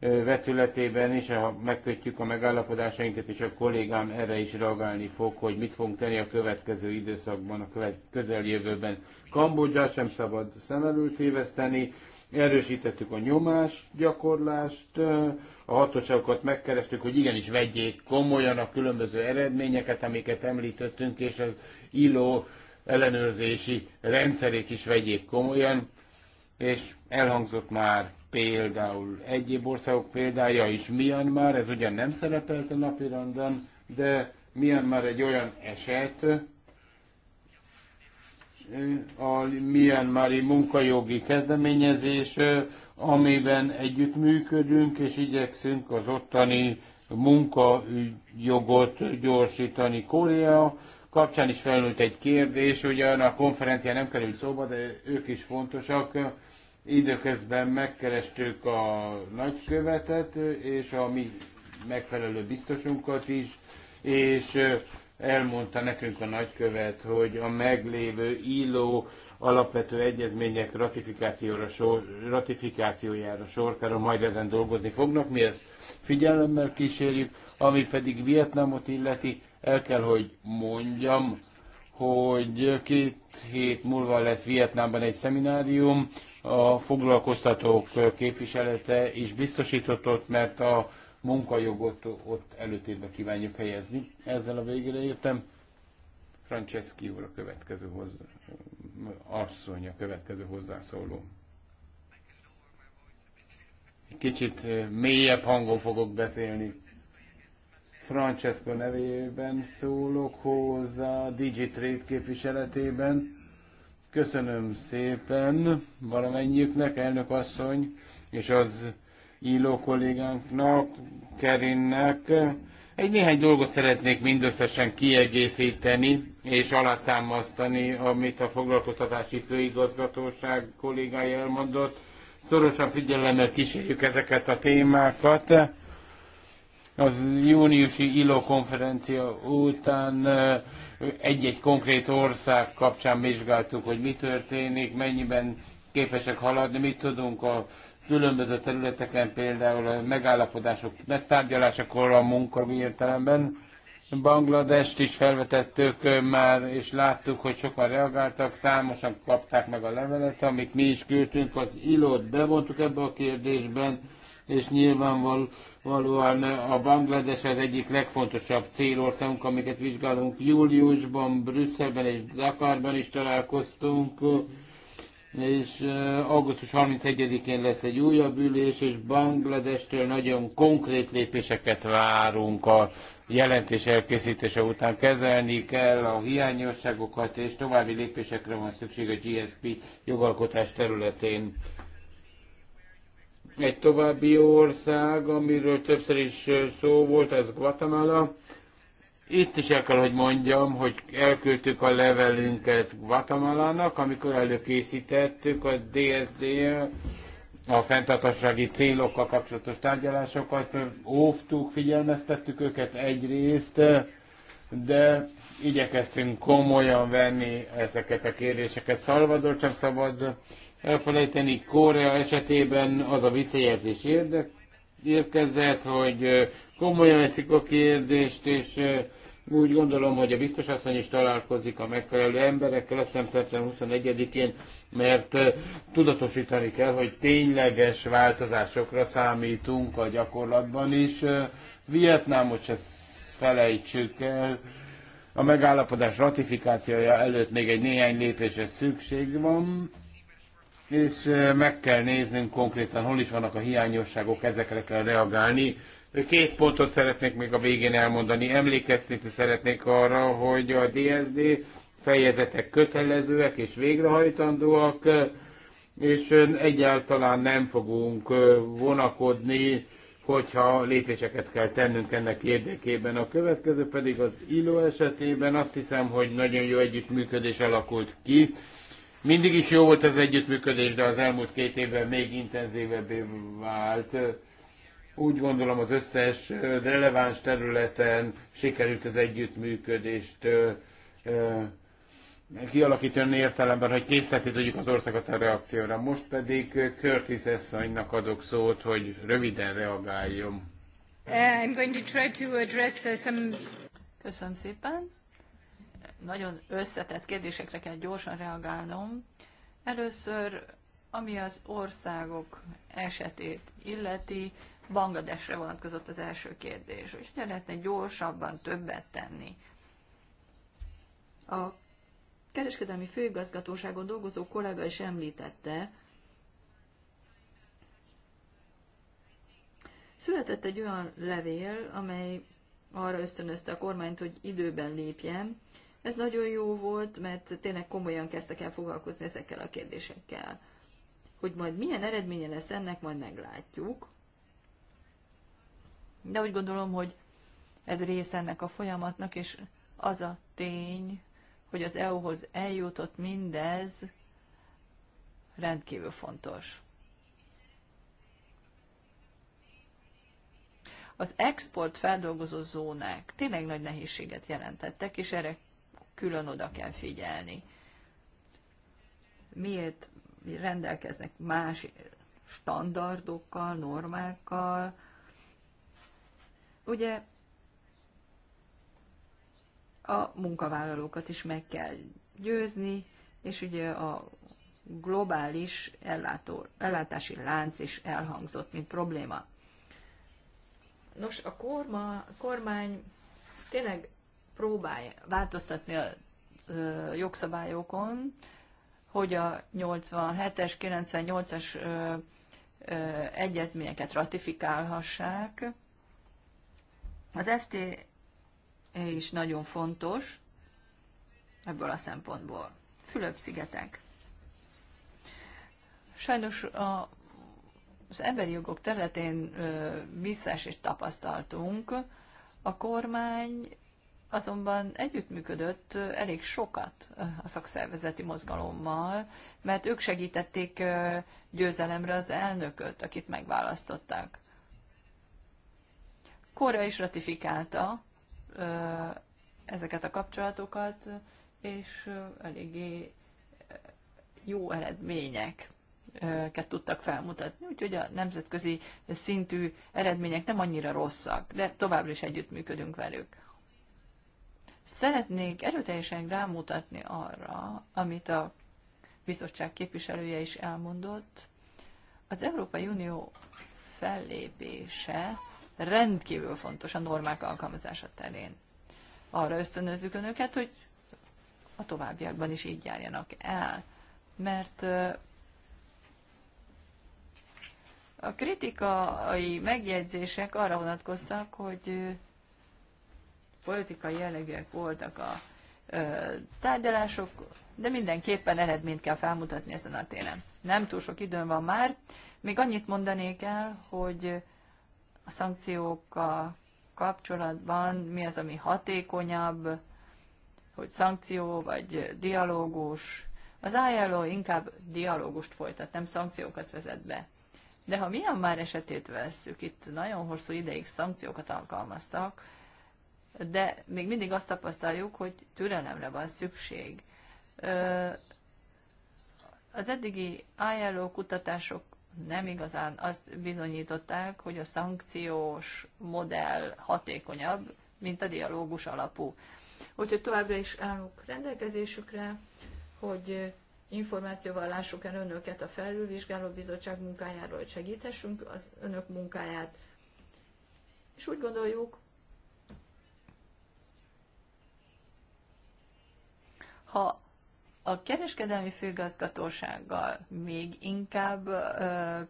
vetületében is, ha megkötjük a megállapodásainkat, és a kollégám erre is reagálni fog, hogy mit fogunk tenni a következő időszakban, a követ, közeljövőben. Kambodzsát sem szabad szem előtt téveszteni, erősítettük a nyomás gyakorlást, a hatóságokat megkerestük, hogy igenis vegyék komolyan a különböző eredményeket, amiket említettünk, és az ILO ellenőrzési rendszerét is vegyék komolyan, és elhangzott már például egyéb országok példája is Myanmar, ez ugyan nem szerepelt a napirenden, de Myanmar egy olyan eset, a Myanmari munkajogi kezdeményezés, amiben együttműködünk, és igyekszünk az ottani munkajogot gyorsítani. Korea kapcsán is felnőtt egy kérdés, ugyan a konferencia nem került szóba, de ők is fontosak. Időközben megkerestük a nagykövetet és a mi megfelelő biztosunkat is, és elmondta nekünk a nagykövet, hogy a meglévő illó alapvető egyezmények ratifikációra sor, ratifikációjára sor kerül, majd ezen dolgozni fognak. Mi ezt figyelemmel kísérjük, ami pedig Vietnámot illeti, el kell, hogy mondjam, hogy két hét múlva lesz Vietnámban egy szeminárium, a foglalkoztatók képviselete is biztosított ott, mert a munkajogot ott előtérbe kívánjuk helyezni. Ezzel a végére értem. Franceschi úr a következő hozzá, asszony, a következő hozzászóló. Kicsit eh, mélyebb hangon fogok beszélni. Francesco nevében szólok hozzá Digitrade képviseletében. Köszönöm szépen valamennyiüknek, elnök asszony, és az író kollégánknak, Kerinnek. Egy néhány dolgot szeretnék mindösszesen kiegészíteni és alátámasztani, amit a foglalkoztatási főigazgatóság kollégája elmondott. Szorosan figyelemmel kísérjük ezeket a témákat az júniusi ILO konferencia után egy-egy konkrét ország kapcsán vizsgáltuk, hogy mi történik, mennyiben képesek haladni, mit tudunk a különböző területeken, például a megállapodások megtárgyalásakor a munka értelemben. Bangladest is felvetettük már, és láttuk, hogy sokan reagáltak, számosan kapták meg a levelet, amit mi is küldtünk, az ilót bevontuk ebbe a kérdésben, és nyilvánvalóan eh, a Banglades az egyik legfontosabb célországunk, amiket vizsgálunk. Júliusban, Brüsszelben és Dakarban is találkoztunk, és eh, augusztus 31-én lesz egy újabb ülés, és Bangladestől nagyon konkrét lépéseket várunk a jelentés elkészítése után kezelni kell a hiányosságokat, és további lépésekre van szükség a GSP jogalkotás területén. Egy további ország, amiről többször is szó volt, az Guatemala. Itt is el kell, hogy mondjam, hogy elküldtük a levelünket Guatemalának, amikor előkészítettük a DSD a fenntarthatósági célokkal kapcsolatos tárgyalásokat, óvtuk, figyelmeztettük őket egyrészt, de igyekeztünk komolyan venni ezeket a kérdéseket. Szalvador sem szabad elfelejteni. Korea esetében az a visszajelzés érdek, érkezett, hogy komolyan veszik a kérdést, és úgy gondolom, hogy a biztos asszony is találkozik a megfelelő emberekkel, azt hiszem szeptember 21-én, mert tudatosítani kell, hogy tényleges változásokra számítunk a gyakorlatban is. Vietnámot se felejtsük el, a megállapodás ratifikációja előtt még egy néhány lépésre szükség van és meg kell néznünk konkrétan, hol is vannak a hiányosságok, ezekre kell reagálni. Két pontot szeretnék még a végén elmondani. Emlékeztetni szeretnék arra, hogy a DSD fejezetek kötelezőek és végrehajtandóak, és egyáltalán nem fogunk vonakodni, hogyha lépéseket kell tennünk ennek érdekében. A következő pedig az ILO esetében azt hiszem, hogy nagyon jó együttműködés alakult ki mindig is jó volt az együttműködés, de az elmúlt két évben még intenzívebbé vált. Úgy gondolom az összes releváns területen sikerült az együttműködést kialakítani értelemben, hogy készleti tudjuk az országot a reakcióra. Most pedig Curtis asszonynak adok szót, hogy röviden reagáljon. Uh, I'm going to try to address uh, some... Köszönöm szépen nagyon összetett kérdésekre kell gyorsan reagálnom. Először, ami az országok esetét illeti, Bangladesre vonatkozott az első kérdés, hogy hogyan lehetne gyorsabban többet tenni. A kereskedelmi főigazgatóságon dolgozó kollega is említette, Született egy olyan levél, amely arra ösztönözte a kormányt, hogy időben lépjen, ez nagyon jó volt, mert tényleg komolyan kezdtek el foglalkozni ezekkel a kérdésekkel. Hogy majd milyen eredménye lesz ennek, majd meglátjuk. De úgy gondolom, hogy ez része ennek a folyamatnak, és az a tény, hogy az EU-hoz eljutott mindez, rendkívül fontos. Az export feldolgozó zónák tényleg nagy nehézséget jelentettek, és erre külön oda kell figyelni. Miért rendelkeznek más standardokkal, normákkal? Ugye a munkavállalókat is meg kell győzni, és ugye a globális ellátó, ellátási lánc is elhangzott, mint probléma. Nos, a korma, kormány tényleg próbálj változtatni a jogszabályokon, hogy a 87-es, 98-as egyezményeket ratifikálhassák. Az FT e is nagyon fontos ebből a szempontból. Fülöp-szigetek. Sajnos a, az emberi jogok területén visszaesést tapasztaltunk. A kormány azonban együttműködött elég sokat a szakszervezeti mozgalommal, mert ők segítették győzelemre az elnököt, akit megválasztották. Korea is ratifikálta ezeket a kapcsolatokat, és eléggé jó eredmények ket tudtak felmutatni, úgyhogy a nemzetközi szintű eredmények nem annyira rosszak, de továbbra is együttműködünk velük. Szeretnék erőteljesen rámutatni arra, amit a bizottság képviselője is elmondott, az Európai Unió fellépése rendkívül fontos a normák alkalmazása terén. Arra ösztönözzük önöket, hogy a továbbiakban is így járjanak el, mert a kritikai megjegyzések arra vonatkoztak, hogy politikai jellegűek voltak a tárgyalások, de mindenképpen eredményt kell felmutatni ezen a téren. Nem túl sok időm van már. Még annyit mondanék el, hogy a szankciókkal kapcsolatban mi az, ami hatékonyabb, hogy szankció vagy dialógus. Az ILO inkább dialógust folytat, nem szankciókat vezet be. De ha milyen már esetét vesszük, itt nagyon hosszú ideig szankciókat alkalmaztak, de még mindig azt tapasztaljuk, hogy türelemre van szükség. Az eddigi ILO kutatások nem igazán azt bizonyították, hogy a szankciós modell hatékonyabb, mint a dialógus alapú. Úgyhogy továbbra is állunk rendelkezésükre, hogy információval lássuk el önöket a felülvizsgáló bizottság munkájáról, hogy segíthessünk az önök munkáját. És úgy gondoljuk, Ha a kereskedelmi főgazgatósággal még inkább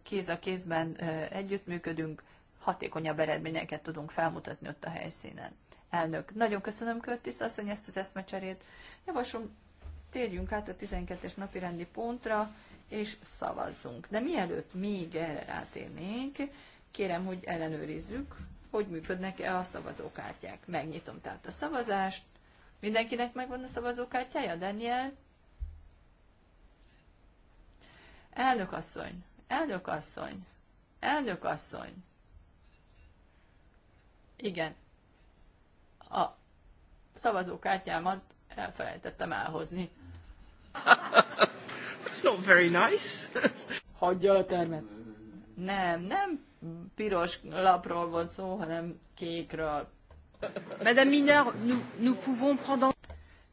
kéz a kézben együttműködünk, hatékonyabb eredményeket tudunk felmutatni ott a helyszínen. Elnök, nagyon köszönöm Körtisz asszony ezt az eszmecserét. Javaslom, térjünk át a 12-es napi rendi pontra, és szavazzunk. De mielőtt még erre rátérnénk, kérem, hogy ellenőrizzük, hogy működnek-e a szavazókártyák. Megnyitom tehát a szavazást. Mindenkinek megvan a szavazókártyája, Daniel? Elnök asszony, elnök asszony, elnök asszony. Igen, a szavazókártyámat elfelejtettem elhozni. That's not very nice. Hagyja a termet. Nem, nem piros lapról volt szó, hanem kékről. Madame Minard, nous, nous pouvons prendre...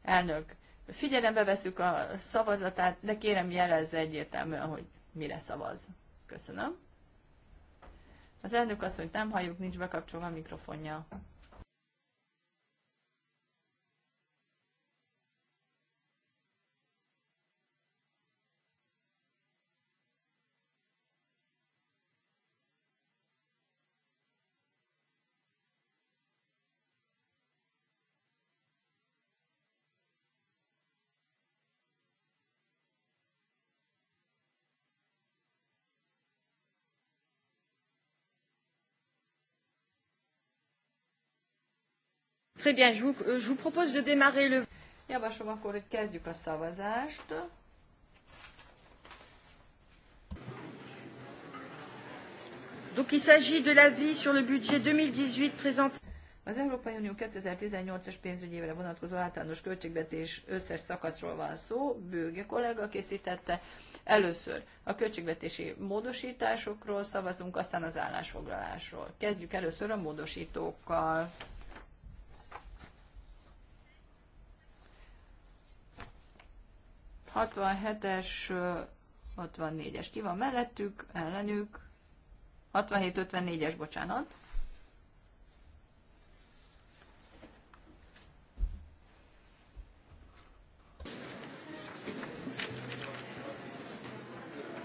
Elnök, figyelembe veszük a szavazatát, de kérem jelezze egyértelműen, hogy mire szavaz. Köszönöm. Az elnök azt, hogy nem halljuk, nincs bekapcsolva a mikrofonja. Très bien, je vous, euh, je vous propose de démarrer le... Javaslom akkor, hogy kezdjük a szavazást. Donc il s'agit de l'avis sur le budget 2018 présenté. Az Európai Unió 2018-as pénzügyévre vonatkozó általános költségvetés összes szakaszról van szó, Bőge kollega készítette. Először a költségvetési módosításokról szavazunk, aztán az állásfoglalásról. Kezdjük először a módosítókkal. 67-es, 64-es ki van mellettük, ellenük, 67-54-es, bocsánat.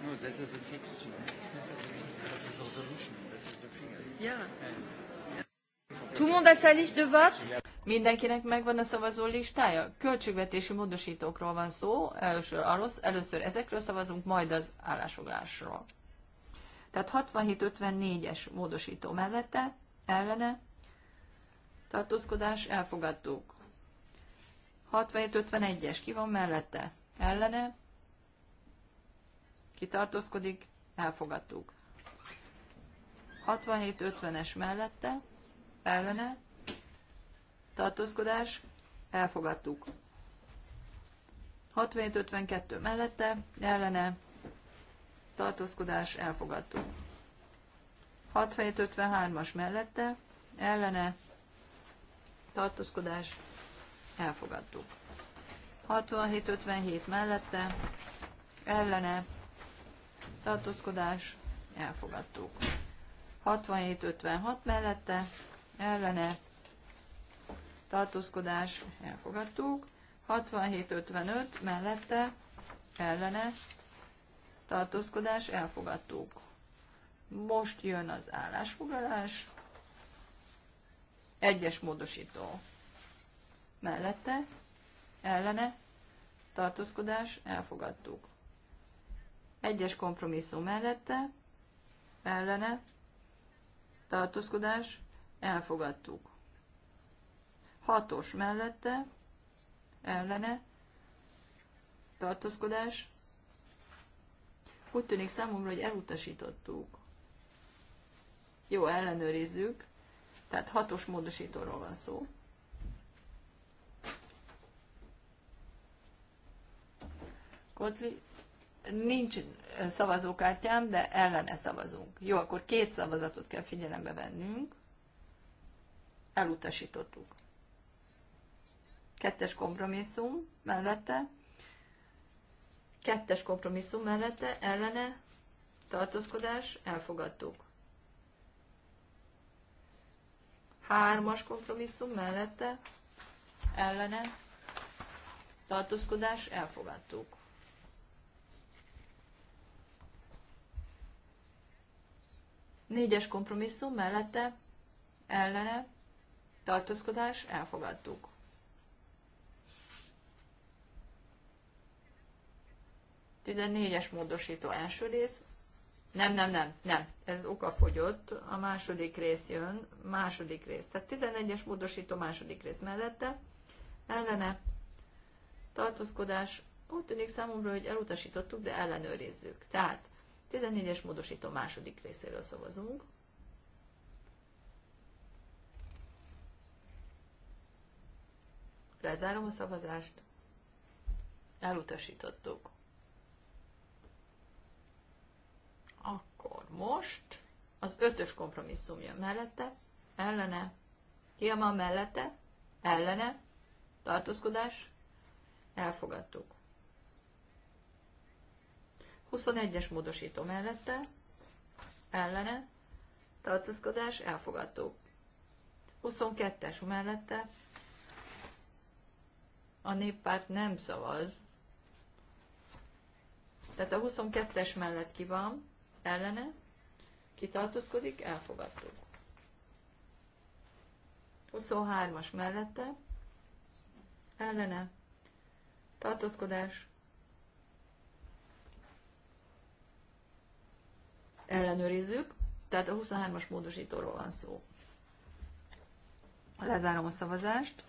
No, a a a Tout le monde a sa liste de vote Mindenkinek megvan a szavazó listája? Költségvetési módosítókról van szó, először, először ezekről szavazunk, majd az állásfoglásról. Tehát 67-54-es módosító mellette, ellene, tartózkodás, elfogadtuk. 67-51-es, ki van mellette? Ellene, kitartózkodik, elfogadtuk. 67-50-es mellette, ellene, tartózkodás, elfogadtuk. 67-52 mellette, ellene, tartózkodás, elfogadtuk. 67-53-as mellette, ellene, tartózkodás, elfogadtuk. 67-57 mellette, ellene, tartózkodás, elfogadtuk. 67-56 mellette, ellene, tartózkodás elfogadtuk, 67-55 mellette ellene tartózkodás elfogadtuk. Most jön az állásfoglalás, egyes módosító mellette ellene tartózkodás elfogadtuk. Egyes kompromisszum mellette ellene tartózkodás elfogadtuk. Hatos mellette, ellene, tartózkodás. Úgy tűnik számomra, hogy elutasítottuk. Jó, ellenőrizzük. Tehát hatos módosítóról van szó. Kotli, nincs szavazókártyám, de ellene szavazunk. Jó, akkor két szavazatot kell figyelembe vennünk. Elutasítottuk. Kettes kompromisszum mellette. Kettes kompromisszum mellette ellene tartózkodás elfogadtuk. Hármas kompromisszum mellette ellene tartózkodás elfogadtuk. Négyes kompromisszum mellette ellene tartózkodás elfogadtuk. 14-es módosító első rész. Nem, nem, nem, nem. Ez oka fogyott. A második rész jön. Második rész. Tehát 11-es módosító második rész mellette. Ellene. Tartózkodás. Úgy tűnik számomra, hogy elutasítottuk, de ellenőrizzük. Tehát 14-es módosító második részéről szavazunk. Lezárom a szavazást. Elutasítottuk. Akkor most az ötös kompromisszum jön mellette, ellene, ki a mellette, ellene, tartózkodás, elfogadtuk. 21-es módosító mellette, ellene, tartózkodás, elfogadtuk. 22-es mellette a néppárt nem szavaz. Tehát a 22-es mellett ki van, ellene, kitartózkodik, elfogadtuk. 23-as mellette, ellene, tartózkodás, ellenőrizzük, tehát a 23-as módosítóról van szó. Lezárom a szavazást.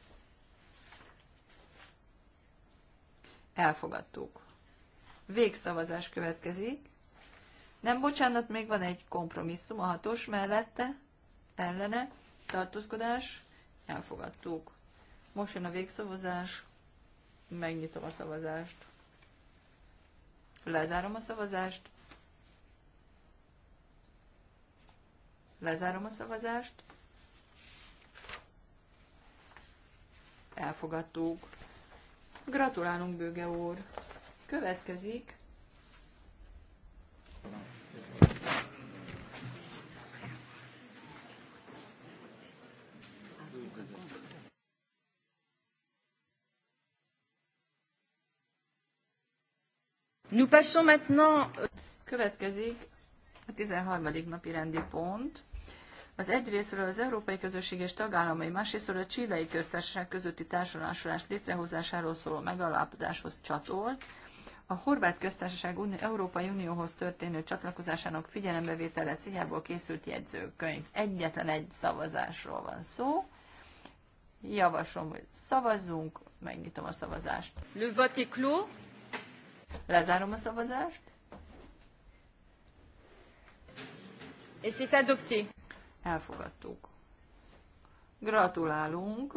Elfogadtuk. Végszavazás következik. Nem, bocsánat, még van egy kompromisszum, a hatos mellette, ellene, tartózkodás, elfogadtuk. Most jön a végszavazás, megnyitom a szavazást, lezárom a szavazást, lezárom a szavazást, elfogadtuk. Gratulálunk, Bőge úr! Következik Nous passons maintenant... Euh, Következik a 13. napi rendi pont. Az egyrésztről az Európai Közösség és tagállamai, másrésztről a Csilei Köztársaság közötti társulásolás létrehozásáról szóló megalapodáshoz csatolt, a Horvát Köztársaság Unió, Európai Unióhoz történő csatlakozásának figyelembevétele céljából készült jegyzőkönyv. Egyetlen egy szavazásról van szó. Javaslom, hogy szavazzunk, megnyitom a szavazást. Le vote est clos. Lezárom a szavazást. És c'est adopté. Elfogadtuk. Gratulálunk.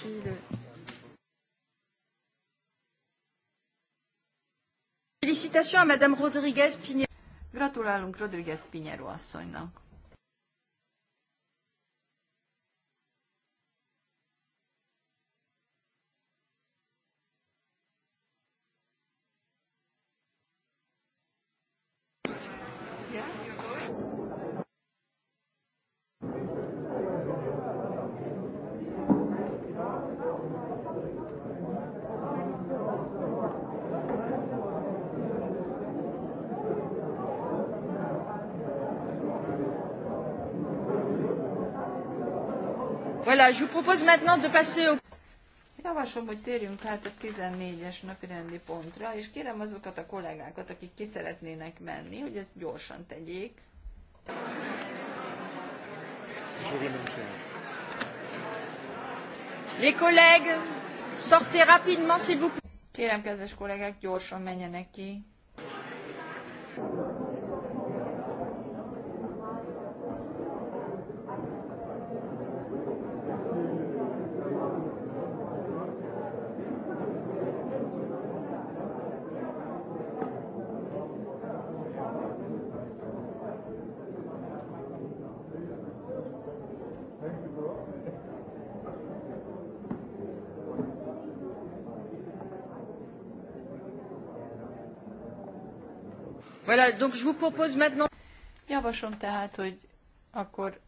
Ki Félicitations à Madame Rodriguez Pinheiro. Gratulálunk Rodriguez Pinheiro asszonynak. je vous propose maintenant de passer au... Javaslom, hogy térjünk át a 14-es napi rendi pontra, és kérem azokat a kollégákat, akik ki szeretnének menni, hogy ezt gyorsan tegyék. Les collègues, sortez rapidement, s'il vous plaît. Kérem, kedves kollégák, gyorsan menjenek ki. Voilà, donc je vous propose maintenant... Javaslom tehát, hogy akkor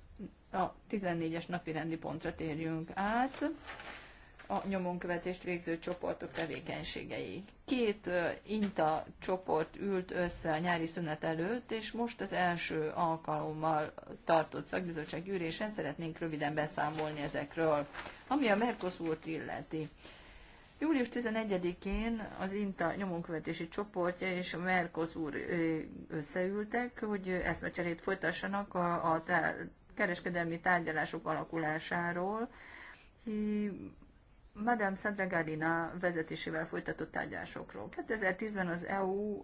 a 14-es napi rendi pontra térjünk át a nyomonkövetést végző csoportok tevékenységei. Két uh, INTA csoport ült össze a nyári szünet előtt, és most az első alkalommal tartott szakbizottság ülésen szeretnénk röviden beszámolni ezekről, ami a Mercosur-t illeti. Uh, Július 11-én az INTA nyomonkövetési csoportja és a Mercosur összeültek, hogy cserét folytassanak a, a tár, kereskedelmi tárgyalások alakulásáról. Madame Sandra Gardina vezetésével folytatott tárgyalásokról. 2010-ben az EU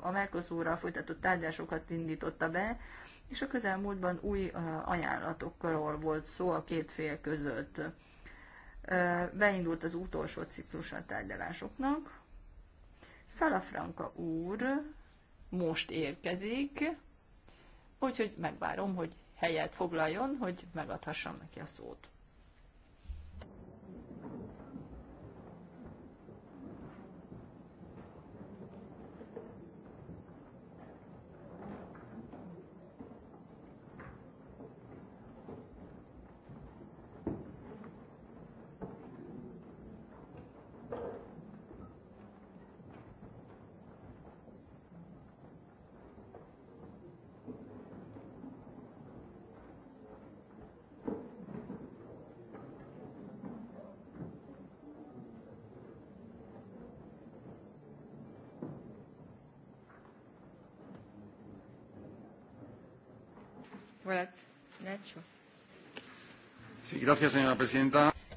a Mercosurral folytatott tárgyalásokat indította be, és a közelmúltban új ajánlatokról volt szó a két fél között beindult az utolsó ciklus a tárgyalásoknak. Szalafranka úr most érkezik, úgyhogy megvárom, hogy helyet foglaljon, hogy megadhassam neki a szót.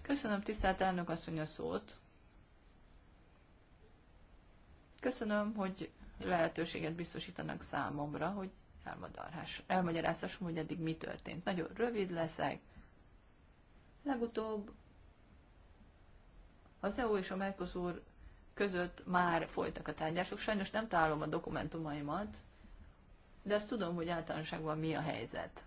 Köszönöm, tisztelt elnök asszony a szót. Köszönöm, hogy lehetőséget biztosítanak számomra, hogy elmagyarázhassam, hogy eddig mi történt. Nagyon rövid leszek. Legutóbb az EU és a Mercosur között már folytak a tárgyások. Sajnos nem találom a dokumentumaimat, de azt tudom, hogy általánoságban mi a helyzet.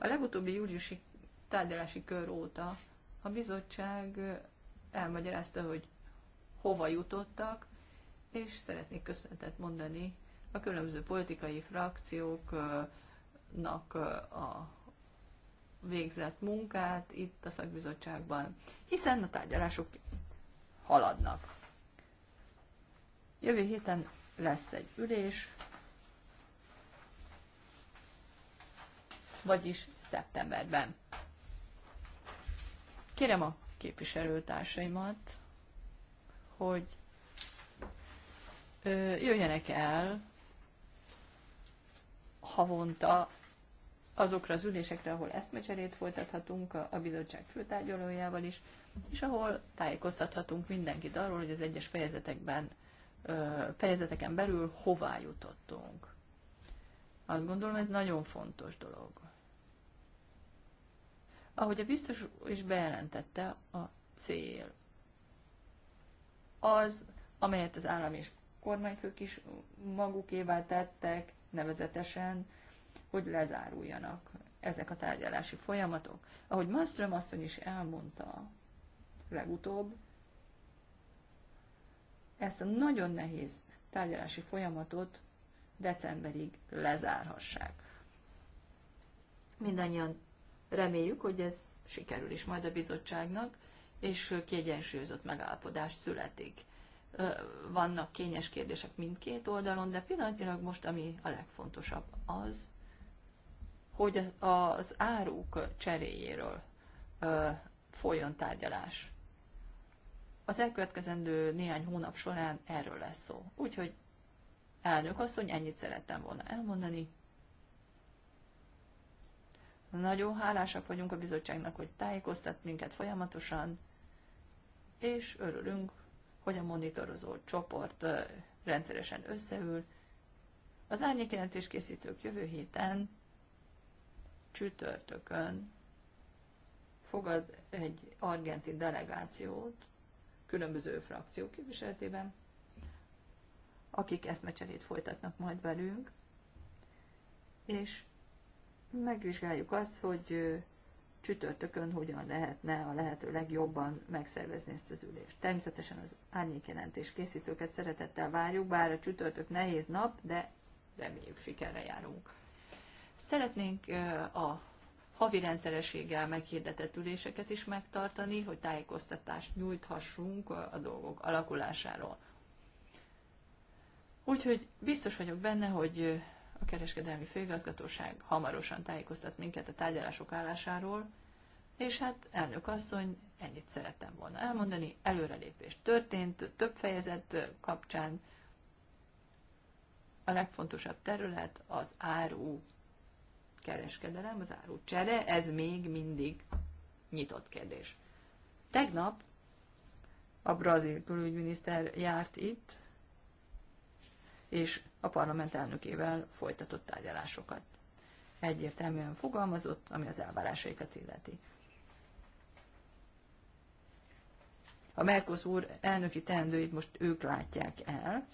A legutóbbi júliusi tárgyalási kör óta a bizottság elmagyarázta, hogy hova jutottak, és szeretnék köszönetet mondani a különböző politikai frakcióknak a végzett munkát itt a szakbizottságban, hiszen a tárgyalások haladnak. Jövő héten lesz egy ülés, vagyis szeptemberben. Kérem a képviselőtársaimat, hogy jöjjenek el havonta azokra az ülésekre, ahol eszmecserét folytathatunk a bizottság főtárgyalójával is, és ahol tájékoztathatunk mindenkit arról, hogy az egyes fejezetekben, fejezeteken belül hová jutottunk. Azt gondolom, ez nagyon fontos dolog. Ahogy a biztos is bejelentette, a cél az, amelyet az állam és kormányfők is magukévá tettek, nevezetesen, hogy lezáruljanak ezek a tárgyalási folyamatok. Ahogy Malmström asszony is elmondta legutóbb, ezt a nagyon nehéz tárgyalási folyamatot decemberig lezárhassák. Mindannyian reméljük, hogy ez sikerül is majd a bizottságnak, és kiegyensúlyozott megállapodás születik. Vannak kényes kérdések mindkét oldalon, de pillanatilag most ami a legfontosabb az, hogy az áruk cseréjéről folyjon tárgyalás. Az elkövetkezendő néhány hónap során erről lesz szó. Úgyhogy Elnök asszony, ennyit szerettem volna elmondani. Nagyon hálásak vagyunk a bizottságnak, hogy tájékoztat minket folyamatosan, és örülünk, hogy a monitorozó csoport rendszeresen összeül. Az árnyékjelentés készítők jövő héten, csütörtökön fogad egy argentin delegációt, különböző frakciók képviseletében, akik eszmecserét folytatnak majd velünk, és megvizsgáljuk azt, hogy csütörtökön hogyan lehetne a lehető legjobban megszervezni ezt az ülést. Természetesen az árnyékjelentés készítőket szeretettel várjuk, bár a csütörtök nehéz nap, de reméljük sikerre járunk. Szeretnénk a havi rendszerességgel meghirdetett üléseket is megtartani, hogy tájékoztatást nyújthassunk a dolgok alakulásáról. Úgyhogy biztos vagyok benne, hogy a kereskedelmi főigazgatóság hamarosan tájékoztat minket a tárgyalások állásáról, és hát elnök asszony, ennyit szerettem volna elmondani, előrelépés történt, több fejezet kapcsán a legfontosabb terület az áru kereskedelem, az áru csere, ez még mindig nyitott kérdés. Tegnap a brazil külügyminiszter járt itt, és a parlament elnökével folytatott tárgyalásokat. Egyértelműen fogalmazott, ami az elvárásaikat illeti. A Mercosur elnöki teendőit most ők látják el,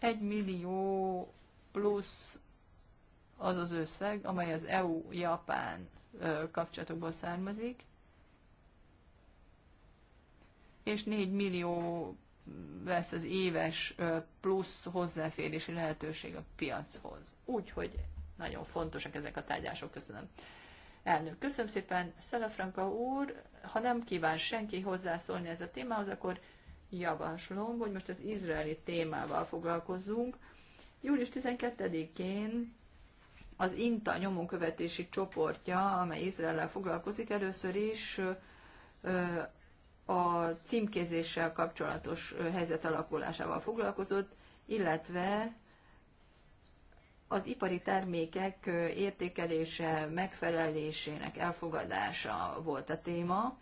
egy millió plusz az az összeg, amely az EU-Japán kapcsolatokból származik, és 4 millió lesz az éves plusz hozzáférési lehetőség a piachoz. Úgyhogy nagyon fontosak ezek a tárgyások, köszönöm. Elnök, köszönöm szépen, Szelefranka úr, ha nem kíván senki hozzászólni ez a témához, akkor javaslom, hogy most az izraeli témával foglalkozzunk. Július 12-én az INTA nyomonkövetési csoportja, amely Izraellel foglalkozik, először is a címkézéssel kapcsolatos helyzet alakulásával foglalkozott, illetve az ipari termékek értékelése, megfelelésének elfogadása volt a téma,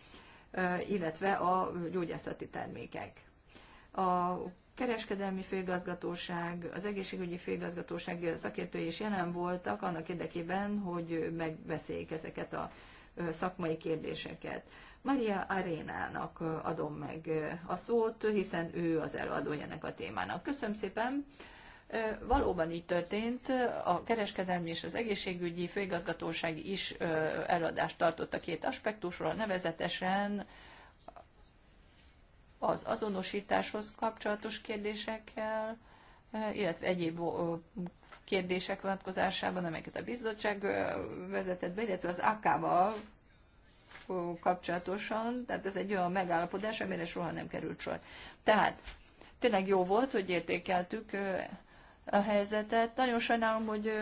illetve a gyógyászati termékek. A kereskedelmi főigazgatóság, az egészségügyi főigazgatóság szakértői is jelen voltak annak érdekében, hogy megbeszéljék ezeket a szakmai kérdéseket. Maria Arénának adom meg a szót, hiszen ő az előadója ennek a témának. Köszönöm szépen! Valóban így történt, a kereskedelmi és az egészségügyi főigazgatóság is előadást tartott a két aspektusról, nevezetesen az azonosításhoz kapcsolatos kérdésekkel, eh, illetve egyéb eh, kérdések vonatkozásában, amelyeket a bizottság eh, vezetett be, illetve az AK-val kapcsolatosan, tehát ez egy olyan megállapodás, amire soha nem került sor. Tehát tényleg jó volt, hogy értékeltük a helyzetet. Nagyon sajnálom, hogy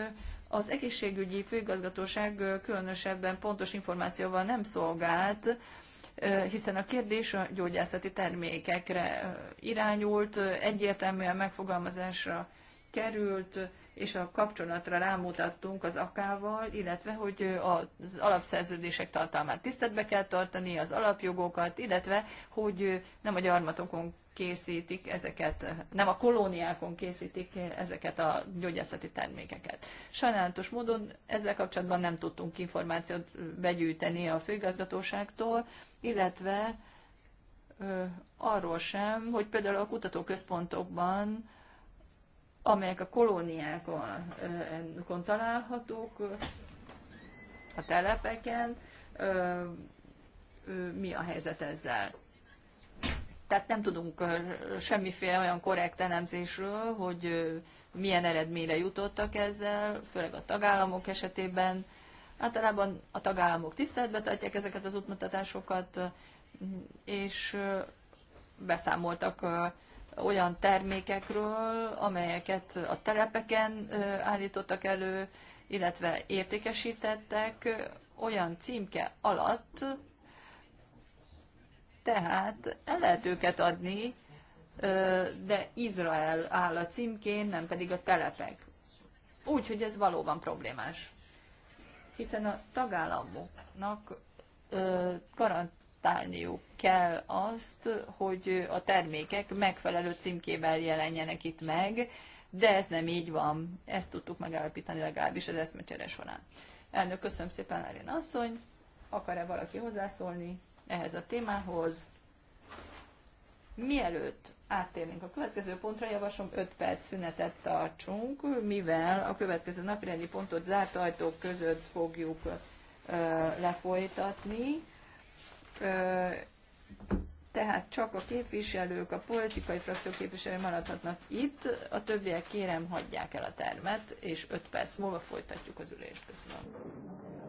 az egészségügyi főigazgatóság különösebben pontos információval nem szolgált, hiszen a kérdés a gyógyászati termékekre irányult, egyértelműen megfogalmazásra került, és a kapcsolatra rámutattunk az akával, illetve hogy az alapszerződések tartalmát tisztetbe kell tartani, az alapjogokat, illetve hogy nem a gyarmatokon készítik ezeket, nem a kolóniákon készítik ezeket a gyógyászati termékeket. Sajnálatos módon ezzel kapcsolatban nem tudtunk információt begyűjteni a főigazgatóságtól, illetve ö, arról sem, hogy például a kutatóközpontokban, amelyek a kolóniákon találhatók, a telepeken, ö, ö, mi a helyzet ezzel tehát nem tudunk semmiféle olyan korrekt elemzésről, hogy milyen eredményre jutottak ezzel, főleg a tagállamok esetében. Általában a tagállamok tiszteletbe tartják ezeket az útmutatásokat, és beszámoltak olyan termékekről, amelyeket a telepeken állítottak elő, illetve értékesítettek olyan címke alatt, tehát el lehet őket adni, de Izrael áll a címkén, nem pedig a telepek. Úgy, hogy ez valóban problémás. Hiszen a tagállamoknak garantálniuk kell azt, hogy a termékek megfelelő címkével jelenjenek itt meg, de ez nem így van. Ezt tudtuk megállapítani legalábbis az eszmecsere során. Elnök, köszönöm szépen, Erin asszony. Akar-e valaki hozzászólni? ehhez a témához. Mielőtt áttérnénk a következő pontra, javaslom 5 perc szünetet tartsunk, mivel a következő napirendi pontot zárt ajtók között fogjuk lefolytatni. tehát csak a képviselők, a politikai frakciók képviselői maradhatnak itt, a többiek kérem hagyják el a termet, és 5 perc múlva folytatjuk az ülést. Köszönöm.